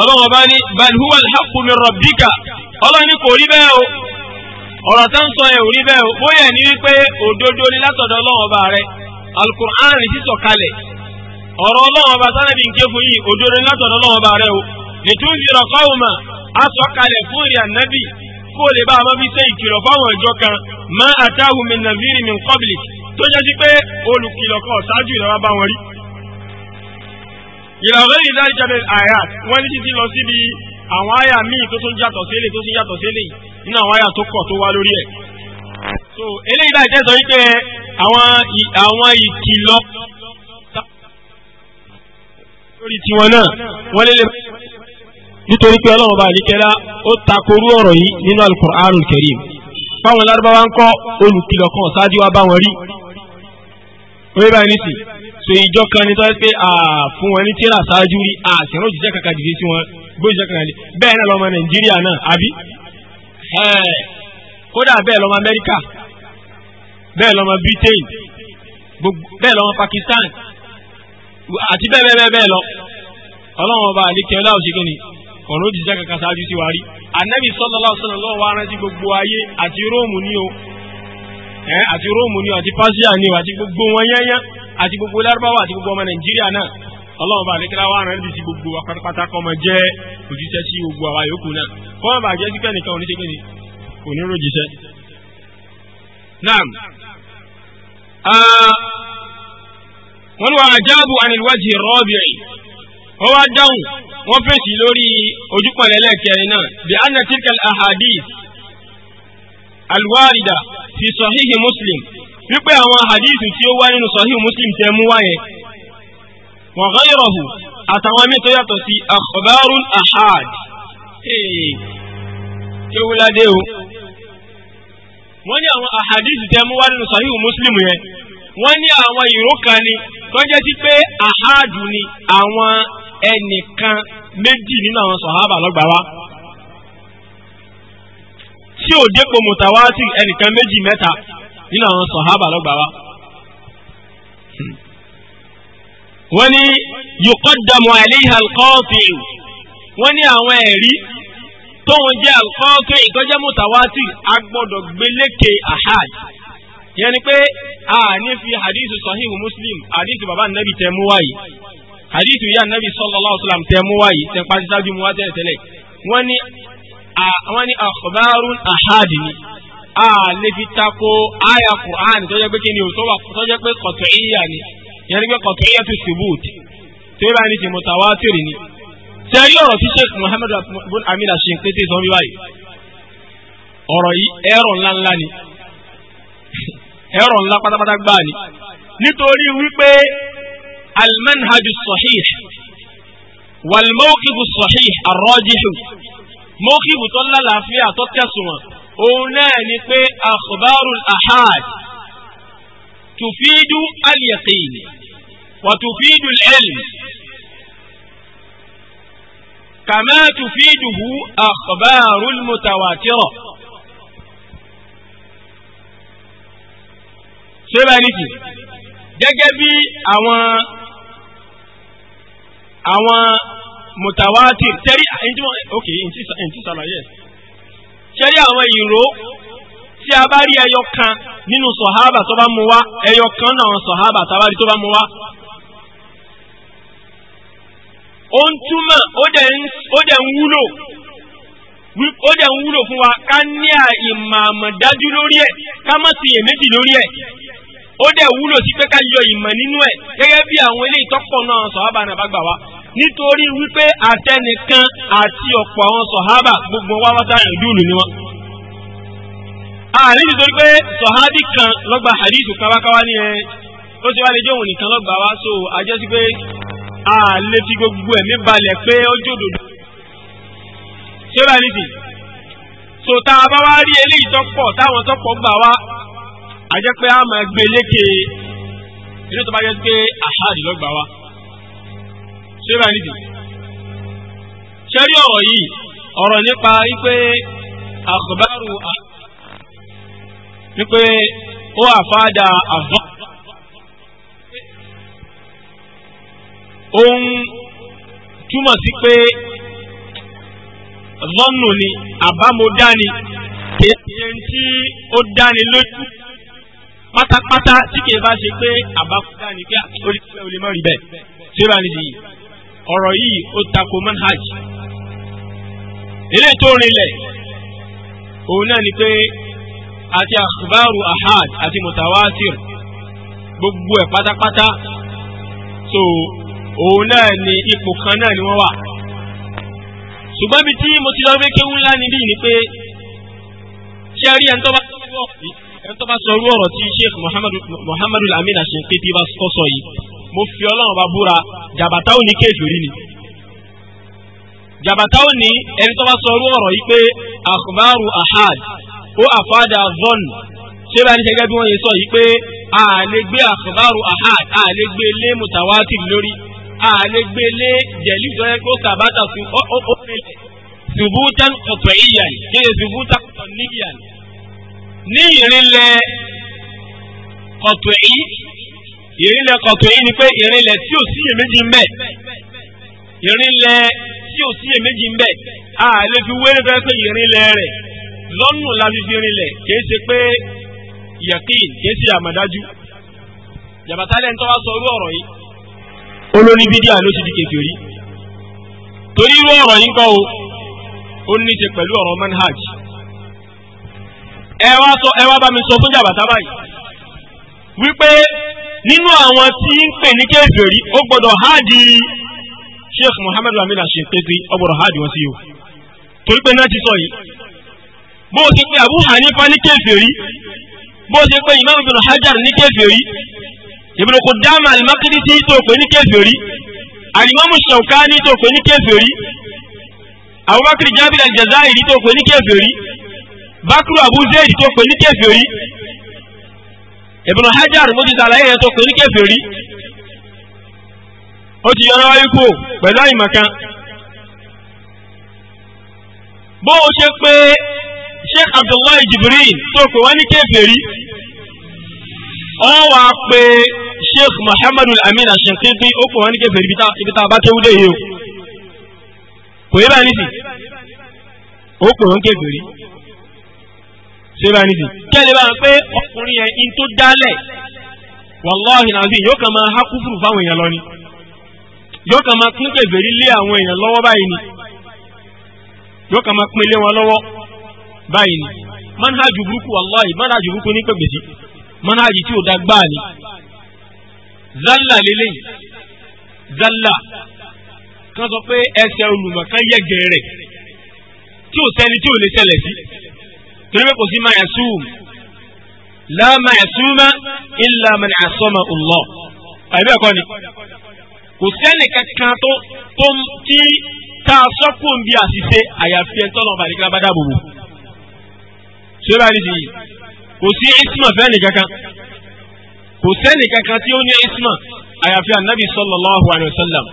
ọlọ́run ọba ní bal huwa al-haqqu min rabbika ọlọ́run ní kò rí bẹ́ẹ̀ o ọ̀rọ̀ tá ń sọ yẹn ò rí bẹ́ẹ̀ o bóyá ní wípé òdodo ni látọ̀dọ̀ ọlọ́run ọba rẹ alukur'an sísọ kalẹ̀ ọ̀rọ̀ ọlọ́run ọba sanabi ń ké fún yìí òdodo ni látọ̀dọ̀ ọlọ́run ọba rẹ o litunzira qawma aṣọ kalẹ̀ fún ìrìn ànábì kó lè bá ọmọ bí ṣe ìkìlọ̀ fáwọn ìjọ kan ma atahum min nadhiri tó jẹ́ sí pé olùkìlọ̀ kan ṣáájú ìlọ́wọ́ bá wọn rí ìlànà ìdáríjà bẹ àyà wọn ní títí lọ síbi àwọn àyà míì tó tún yàtọ̀ sí eléyìí tó tún yàtọ̀ sí eléyìí nínú àwọn àyà tó kọ̀ tó wá lórí ẹ̀. so eléyìí náà jẹ́ sọ wípé àwọn àwọn ìkìlọ̀ lórí tiwọn náà wọ́n lé lè nítorí pé ọlọ́run bá àlékẹ́lá ó takorú ọ̀rọ̀ yìí nínú alukur'anul karim fáwọn lárúbáwá ń kọ́ olùkìlọ̀ kan ṣáájú wa bá wọn rí. oye báyìí nísìnyí so ìjọ kan ni tọ́jú pé fún wọn ní tíra ṣáájú rí àṣìrò òṣìṣẹ́ kankan dìde sí wọn gbé òṣìṣẹ́ kankan lé bẹ́ẹ̀ náà lọ́mọ nàìjíríà náà àbí kódà bẹ́ẹ̀ lọ́mọ amẹ́ríkà bẹ́ẹ̀ lọ́mọ britain bẹ́ẹ̀ lọ́mọ pakistan àti bẹ́ẹ̀ bẹ́ẹ̀ bẹ́ẹ̀ lọ ọlọ́wọ́n ọba àlékẹ́ ọlá òṣèké ni ọ̀rọ̀ òṣìṣẹ́ kankan ṣáájú sí wa rí anabi sallallahu alaihi wasallam lọ́wọ́ wa rántí gbogbo o àti róòmù ni o àti pásíà ni o àti wọn yányán àti gbogbo lárúbáwá àti gbogbo ọmọ nàìjíríà náà ọlọ́run bá àdékẹ́lá wà rán níbi tí gbogbo wa pátápátá kọ́ ọmọ jẹ́ òjíṣẹ́ sí gbogbo àwa yòókù náà kọ́ ọmọ bàjẹ́ kíkẹ́ nìkan ò ní ṣe pé ní kò ní ròjíṣẹ́. naam wọ́n wá àjáàbù ànilwájì rọ́ọ̀bìrì wọ́n wá dáhùn wọ́n fèsì lórí ojúpọ̀lẹ́ lẹ́ẹ̀kẹrin náà bí anna ahadith alwarida fi sahihi muslim wípé àwọn hadithu tí ó wá nínú sahih muslim tẹ mú wáyé wa ghayruhu àtàwọn míì tó yàtọ̀ sí akhbarul ahad kéwúládé o wọ́n ní àwọn ahadithu tẹ mú wá nínú sahih muslim yẹn wọ́n ní àwọn ìró kan ni tó jẹ́ sí pé ahadu ni àwọn ẹnìkan méjì nínú àwọn sọ̀hábà lọ́gbà wa tí ò dépò mùtàwátì ẹnìkan méjì mẹ́ta nínú àwọn sọ̀hábà lọ́gbà wa. wọ́n ní yuqaddamu alayha al-qati' wọ́n ní àwọn ẹ̀rí tóun jẹ́ al-qati' ìtọ́jẹ́ mutawatir agbọ́dọ̀ gbélékè ahad yẹn ni pé a ní fi hadith sahihu muslim hadith baba nabi tẹ̀ mú wáyé hadith ìyá nabi sallallahu alayhi wa sallam tẹ̀ mú wáyé tẹ̀ pàṣẹ sábì mú wá tẹ́lẹ̀ tẹ́lẹ̀ wọ́n ní àwọn ní ni a lè fi tako aya Qur'an tó jẹ́ pé kí ni o tó jẹ́ pé kọ̀tọ̀ ìyá ni yẹn ni pé kọ̀tọ̀ ìyá tó subut tó yẹ báyìí ni ti mutawatir ni. sẹ́rí ọ̀rọ̀ tí Sheikh Muhammad bin Amina ṣe ń pété sọ bí báyìí ọ̀rọ̀ yìí ẹ̀rọ ńláńlá ni ẹ̀rọ ńlá pátápátá gbáà ni nítorí wípé almanhaju sahih walmawqifu sahih arrajihu mawqifu tó lálàáfíà tó tẹ̀sùn wọn òun náà ni pé akhbarul ahad tufidu al-yaqin wa tufidu al-ilm kama tufiduhu akhbarul mutawatira ṣé bá ní kì gẹ́gẹ́ bí àwọn àwọn mutawatir tẹ́rí ok n ti sàlàyé ṣẹ́rí àwọn ìró tí a bá rí ẹyọ kan nínú sọ̀hábà tó bá mú wá ẹyọ kan náà sọ̀hábà tá a bá rí tó bá mú wá. ó ń fún wa ká ní ìmọ̀ lórí ẹ̀ ká lórí ẹ̀ ó dẹ̀ wúlò sí pé ká yọ ìmọ̀ nínú ẹ̀ gẹ́gẹ́ bí àwọn eléyìí tọ́pọ̀ náà sọ̀hábà náà bá gbà wá. nítorí wípé àtẹnìkan àti ọ̀pọ̀ àwọn sọ̀hábà gbogbo wa wá sáyẹn dúlù ni wọn. àní nítorí pé sọ̀hábì kan lọ́gba hadith káwákáwá ni ẹ ó ti wá lè jóun nìkan lọ́gba wa so àjẹsí pé a lè fi gbogbo ẹ̀mí balẹ̀ pé ó jòdòdò. ṣé bá ní sí so tá a bá wá rí eléyìí tọ́pọ̀ táwọn tọ́pọ̀ gbà wá àjẹpẹ́ a máa gbé e lékè inú tó bá jẹ́ pé àṣà àdìlọ́gba wa ṣé bá níbi. ṣẹ́rí ọ̀rọ̀ yìí ọ̀rọ̀ nípa wípé àkùbárù wípé ó àfáàdà àfọ́. ohun túmọ̀ sí pé zọ́nù ni àbámọ̀dáni èèyàn tí ó dáni lójú pátápátá tí kìí bá ṣe pé àbámọ̀dáni pé ó lè má rí bẹ́ẹ̀ tí ó ọ̀rọ̀ yìí ó tako manhaj ilé tó rinlẹ̀ òun náà ni pé àti akhbaru ahad àti mutawatir gbogbo ẹ̀ pátápátá so òun náà ni ipò kan náà ni wọ́n wà ṣùgbọ́n bí tí mo ti lọ rí kéwú ńlá níbí ni pé ṣé rí ẹni tó bá ẹni tó bá sọ orú ọ̀rọ̀ tí sheikh muhammadu muhammadu al-amin aṣèǹkìtì bá kọ́ sọ yìí mo fi ọlọ́run bá búra jàbàtà ò ní ni jàbàtà ò ní ẹni tó bá sọ orú ọ̀rọ̀ yìí pé akhbaru ahad ó àfáàdà zon ṣé bá ní gẹ́gẹ́ bí wọ́n yẹ sọ yìí pé a lè gbé akhbaru ahad a lè gbé lé mutawatir lórí a lè gbé lé jẹ̀lí tó yẹ kó sàbátà sí ó ó ṣubútan kọ̀tọ̀ ìyàn kí ni ṣubútan kọ̀tọ̀ níyàn ní ìrìnlẹ̀ kọ̀tọ̀ yìí ìrìnlẹ̀ kọ̀tún ni pé ìrìnlẹ̀ tí ò sí méjì ń bẹ ìrìnlẹ̀ tí ò ń a lè fi wéré fẹ́ pé ìrìnlẹ̀ rẹ̀ lọ́nù la fi fi kìí ṣe pé yẹ̀kín kìí ṣe àmọ̀dájú yàbàtà lẹ́yìn tó wá sọ irú ọ̀rọ̀ yìí olórí o ó ní ṣe pẹ̀lú ọ̀rọ̀ sọ ẹ wá sọ fún báyìí wípé nínú àwọn tí ń pè ní kéferì ó gbọ́dọ̀ háàdì sheikh muhammed amina ṣe pété ó gbọ́dọ̀ háàdì wọn sí o torí pé náà ti sọ yìí bó o ti pé abu hanifa ní kéferì bó o ti pé imam ibn hajar ní kéferì ibn qudama al-maqdisi tó pè ní kéferì alimamu shaukani tó pè ní kéferì abubakar jabir al-jazairi tó pè ní kéferì bakru abu zayd tó pè ní kéferì. Ibn Hajar mo ti sàlàyé yẹn tó pé ní kèfèrí ó ti yọra wáyé kú bó o ṣe pé Sheikh Abdullahi Jibril tó pé wọ́n ní wa wọ́n wá pé Sheikh Muhammadu Amin Ashankipi ó pè wọ́n ní kèfèrí ibi tá a bá tẹ́wọ́ o kò yẹ báyìí ó ṣé bá nídìí kẹ́lẹ́ bá ń pé ọkùnrin yẹn in tó dálẹ̀ wàláhì náà yóò kàn máa kúfùrù fáwọn èèyàn lọ ni yóò kàn máa pín kèfèrí lé àwọn èèyàn lọ́wọ́ báyìí ni yóò kàn máa pín lé wọn lọ́wọ́ báyìí ni manhajú burúkú wàláhì manhajú burúkú ní manhajú tí ò gbáà ni zalla lélẹ́yìn zalla kan sọ pé ese olùmọ̀kan yẹ gẹ̀ẹ́rẹ̀ tí ò sẹ́ni tí ò lè ṣẹlẹ̀ sí. torí pé kò sí ma'asum la ma'asuma illa man asama Allah àbí ẹ̀kọ́ ni kò sẹ́ni kankan tó tó tí tá a sọ́kùn bí àṣìṣe àyàfi ẹ̀tọ́ lọ́ba àdìgbà bá dáàbò bò ṣé bá ní sèyí kò sí isma fẹ́ nìkan kan kò sẹ́ni kankan tí ó ní isma àyàfi anabi sallallahu alayhi wa sallam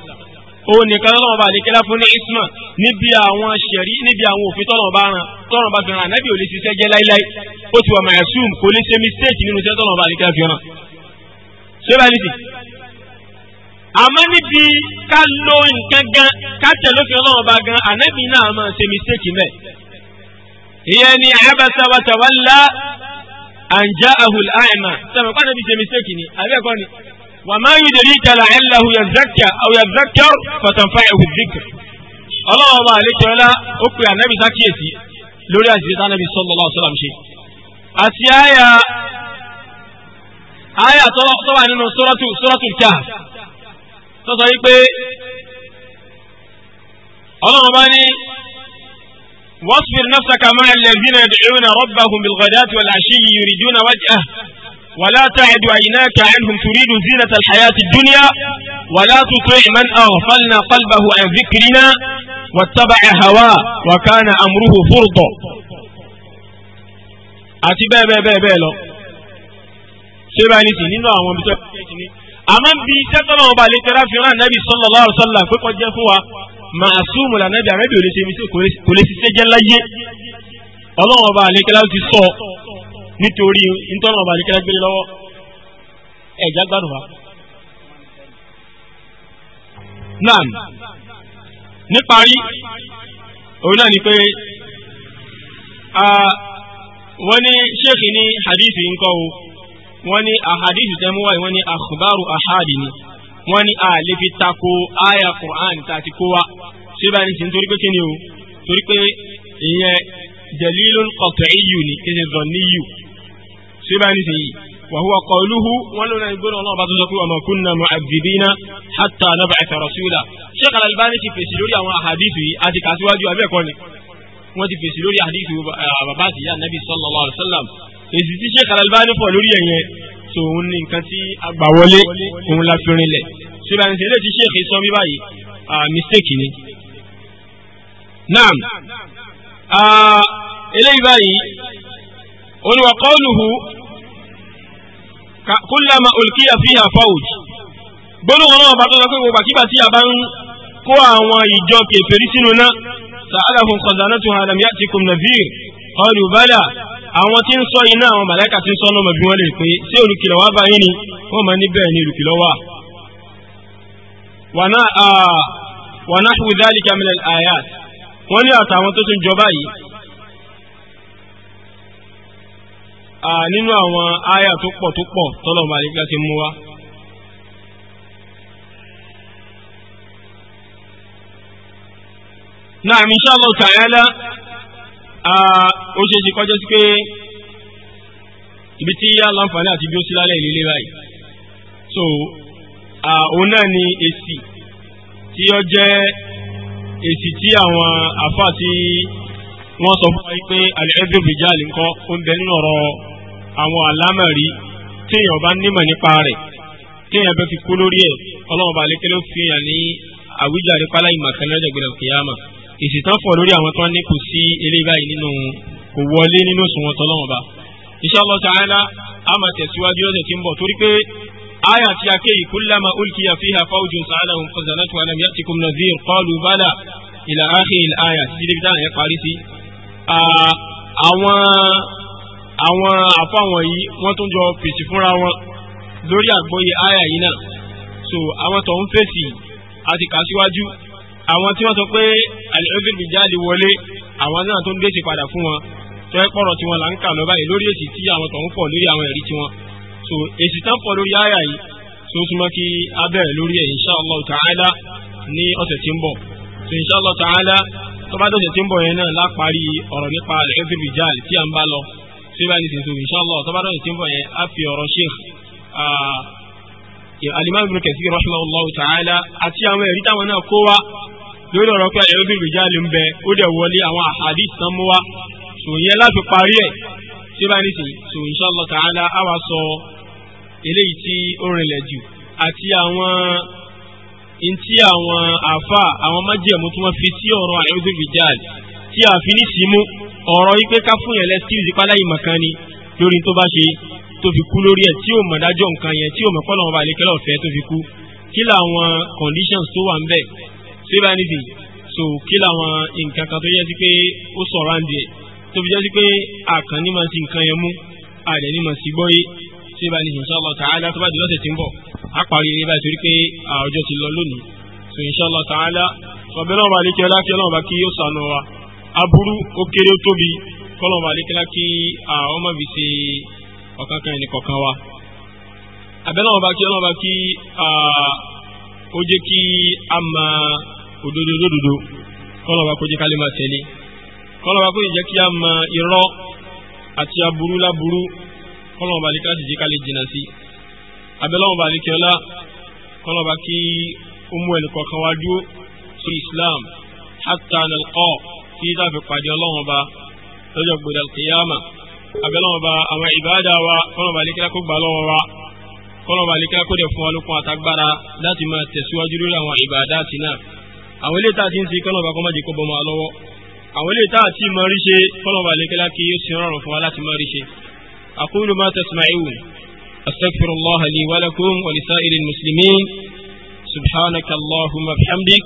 òun nìkan lọ́wọ́ bá àdékẹ́lá fún ní isma níbi àwọn ṣẹ̀rí níbi àwọn òfin tọ́lọ̀ bá ran tọ́lọ̀ bá fi ran ànábì ò lè ṣiṣẹ́ jẹ́ láíláí ó ti wà mayasum kò lè ṣe mistake nínú iṣẹ́ tọ́lọ̀ bá àdékẹ́lá fi ran. ṣé bá nìdí. àmọ́ níbi ká lo nǹkan gan ká tẹ̀lé òfin ọlọ́wọ́ bá gan ànábì náà máa ṣe mistake mẹ́. ìyẹn ni abasa wa tawalla anja ahul aima sọ̀rọ̀ وما يدريك لعله يزكى أو يذكر فتنفعه الذكر الله أبا عليك ولا أقرأ النبي ساكيتي لولا أزيد النبي صلى الله عليه وسلم شيء أتي آية آية طبعا إنه سورة سورة الكهف تصدق الله أبا واصبر نفسك مع الذين يدعون ربهم بالغداة والعشي يريدون وجهه ولا تعد عيناك عنهم تريد زينة الحياة الدنيا ولا تطع من أغفلنا قلبه عن ذكرنا واتبع هواه وكان أمره فرطا àti bẹ́ẹ̀ bẹ́ẹ̀ bẹ́ẹ̀ bẹ́ẹ̀ lọ ṣé báyìí nìsín nínú àwọn ibi tẹ́ àmọ́ bí iṣẹ́ tọ́lọ́ ọba lè tẹ́lá fi hàn nábì sallallahu alaihi wasallam pé jẹ́ fún wa màásùmù lànàbì àrẹ́bì ò lè ṣe mi sí kò lè ṣiṣẹ́ jẹ́ láyé ọlọ́run ọba lè tẹ́lá ti sọ nítorí nítorí ọba àdìkẹ́lẹ́ gbélé lọ́wọ́ ẹ̀já gbádùn wa. naam níparí òun náà ni pé wọ́n ní ṣéèkì ní hadithi ńkọ́ o wọ́n ní ahadithi tẹ́ mú wọ́n ní akhbaru ahadi ni wọ́n ní àlè fi tako aya Qur'an tàti kó wa ṣé báyìí nìyí torí pé kí o torí pé ìyẹn dalilun qat'iyyu ni kí ni dhanniyu ṣé báyìí nìyí wàhùwà kọlùhù wọn lónà ìgbóná ọlọ́run bá tó sọ pé ọmọ kúnnà mu'azzibina hatta nab'atha rasula Sheikh Al-Albani ti fèsì lórí àwọn àhàdìsì yìí àti kàṣíwájú abẹ́ẹ̀kọ́ ni wọ́n ti fèsì lórí àhàdìsì eh, bàbá àti ìyá nàbì sallallahu alaihi wasallam èsì tí Sheikh Al-Albani fọ̀ lórí ẹ̀yẹn tó òun ní nǹkan tí àgbà wọlé òun la fi rinlẹ̀ síbẹ̀ ní sẹ́lẹ̀ tí Sheikh sọ bí báyìí ni. eléyìí báyìí òní wa qawluhu kullama ulqiya fiha fawj gbólóhùn náà bá tó sọ pé gbogbo àkíbà tí a bá ń kó àwọn ìjọ kèfèrí sínú náà sa'alahum khazanatuha lam ya'tikum nadhir qalu bala àwọn tí ń sọ iná àwọn màláíkà tí ń sọ náà mọ̀ bí wọ́n lè pé ṣé olùkìlọ̀ wá bá yín ni wọ́n máa ní bẹ́ẹ̀ ni olùkìlọ̀ ah, wa nahwu dhalika min al-ayat wọ́n ní àtàwọn tó tún nínú àwọn àyà tó pọ̀ tó pọ̀ tọ́lọ̀ bá lè gbáṣe mú wá náà insha Allah ta'ala ó ṣe ṣe kọjá sí pé ibi tí yá láǹfààní àti bí ó sí lálẹ́ ìlélé báyìí so òun náà ni èsì tí ó jẹ́ èsì tí àwọn àfáà tí wọ́n sọ fún wa pé àlẹ́ ẹ̀dùn bìjà lè ń kọ́ bẹ nínú ọ̀rọ̀ àwọn àlámọ̀rí téèyàn bá nímọ̀ nípa rẹ̀ téèyàn bá fi kú lórí ẹ̀ ọlọ́run bá lékelé fi hàn ní àwíjàre pálá ìmọ̀kànlẹ́dẹ̀ gbẹ̀rẹ̀ kìyàmà ìsìtàn fọ̀ lórí àwọn tó ń ní kò sí eléyìí báyìí nínú kò wọlé nínú òṣùwọ̀n tọ́lọ́run bá inshallah ta'ala a máa tẹ̀síwájú ọ̀sẹ̀ tí ń bọ̀ torí pé aya tí a ké yìí kullama ulkiya fiha fawjun sa'alahum khazanatuha alam ya'tikum nadhir qalu bala ila akhir al-aya títí débi táwọn yẹn parí sí. àwọn àwọn àfáwọn yìí wọ́n tún jọ fèsì fúnra wọn lórí àgbóyè àyà yìí náà so àwọn tó ń fèsì àti kà síwájú àwọn tí wọ́n sọ pé alẹ́fẹ́bí jáde wọlé àwọn náà tó ń gbèsè padà fún wọn tó ẹ pọ̀rọ̀ tí wọ́n là ń kà lọ báyìí lórí èsì tí àwọn tó ń pọ̀ lórí àwọn ẹ̀rí tí wọ́n so èsì tán pọ̀ lórí àyà yìí tó súnmọ́ kí a lórí ẹ̀ insha Allah ní ọ̀sẹ̀ tí ń bọ̀ so insha Allah ta'ala tó bá dọ̀sẹ̀ tí ń bọ̀ yẹn náà láparí ọ̀rọ̀ nípa alẹ́fẹ́bí jáde tí à ń bá lọ síbá ní tìǹtù inshallah tọ́bárọ̀ ní tìǹbọ̀ yẹn á fi ọ̀rọ̀ sheikh alimami ibn Kathir rahimahullahu ta'ala àti àwọn ẹ̀rí táwọn náà kó wa lórí ọ̀rọ̀ pé ẹ̀rọ bí rìjálì ń bẹ ó dẹ̀ wọlé àwọn àhàdí sàn mú wa sò yẹn láti parí ẹ̀ síbá ní tìǹtù sò inshallah ta'ala á wa sọ eléyìí tí ó rinlẹ̀ jù àti àwọn ntí àwọn àfa àwọn májẹ̀mú tí wọ́n fi sí ọ̀rọ̀ àyọ̀dún rìjálì tí a fi ní símú ọ̀rọ̀ wípé ká fún yẹn lẹ́skíìsì páláyì mọ̀kan ni lórí tó bá ṣe tó fi kú lórí ẹ̀ tí ó mọ̀ dájọ́ nǹkan yẹn tí ó mọ̀ pọ́nà ọba àlékẹ́lẹ́ ọ̀fẹ́ tó fi kú kí làwọn conditions tó wà ń bẹ̀ ṣé bá nídìí so kí làwọn nǹkan kan tó yẹ sí pé ó sọ̀rọ̀ àǹdí ẹ̀ tó fi jẹ́ sí pé àkàn ní máa sí nǹkan yẹn mú àdẹ̀ ní máa sí gbọ́yé ṣé bá nídìí inshallah ta'ala tó bá di lọ́sẹ̀ tí ń bọ̀ á parí eré báyìí torí pé ọjọ́ ti lọ lónìí so inshallah ta'ala ọ̀bẹ náà wà ní kí ọlá kí ọlọ́run bá kí yóò sànù wa aburú ó kéré ó tóbi kọ́lọ̀ wà lékelá kí àwọn ọmọ fi ṣe ọ̀kan kan ẹnì kọ̀ọ̀kan wa. àbẹ́lẹ́ wọn bá kí ọlọ́wọ́ bá kí ó jẹ́ kí a mọ òdodo lódodo kọ́lọ̀ wà kó jẹ́ ká lè máa tẹ̀lé kọ́lọ̀ wà kó jẹ́ kí a mọ irọ́ àti aburú láburú kọ́lọ̀ wà lékelá sì jẹ́ ká lè jìnnà sí. àbẹ́lẹ́ wọn bá lékelá kọ́lọ̀ wà kí ó mú ẹnì kọ̀ọ̀kan wa dúró sí Islam hatta nalqa tí dáàfi pàdé ọlọ́run ọba lọ́jọ́ gbòdà kìyàmà abẹ́lọ́run ọba àwọn ìbáàdà wa kọ́nà ọba àlékẹ́lá kó gbà lọ́wọ́ wa kọ́nà ọba àlékẹ́lá kó dẹ̀ fún wa lókun àtagbára láti máa tẹ̀síwájú lórí àwọn ìbáàdà àti náà àwọn ilé táà ti ń ti kọ́nà ọba kọ́mọ́jì kó bọ́ máa lọ́wọ́ àwọn ilé táà ti máa rí ṣe kọ́nà ọba àlékẹ́lá kí yóò sì rọrùn fún wa láti máa rí ṣe aqulu ma tasma'un astaghfirullaha li wa lakum wa lisa'iril muslimin subhanaka allahumma bihamdik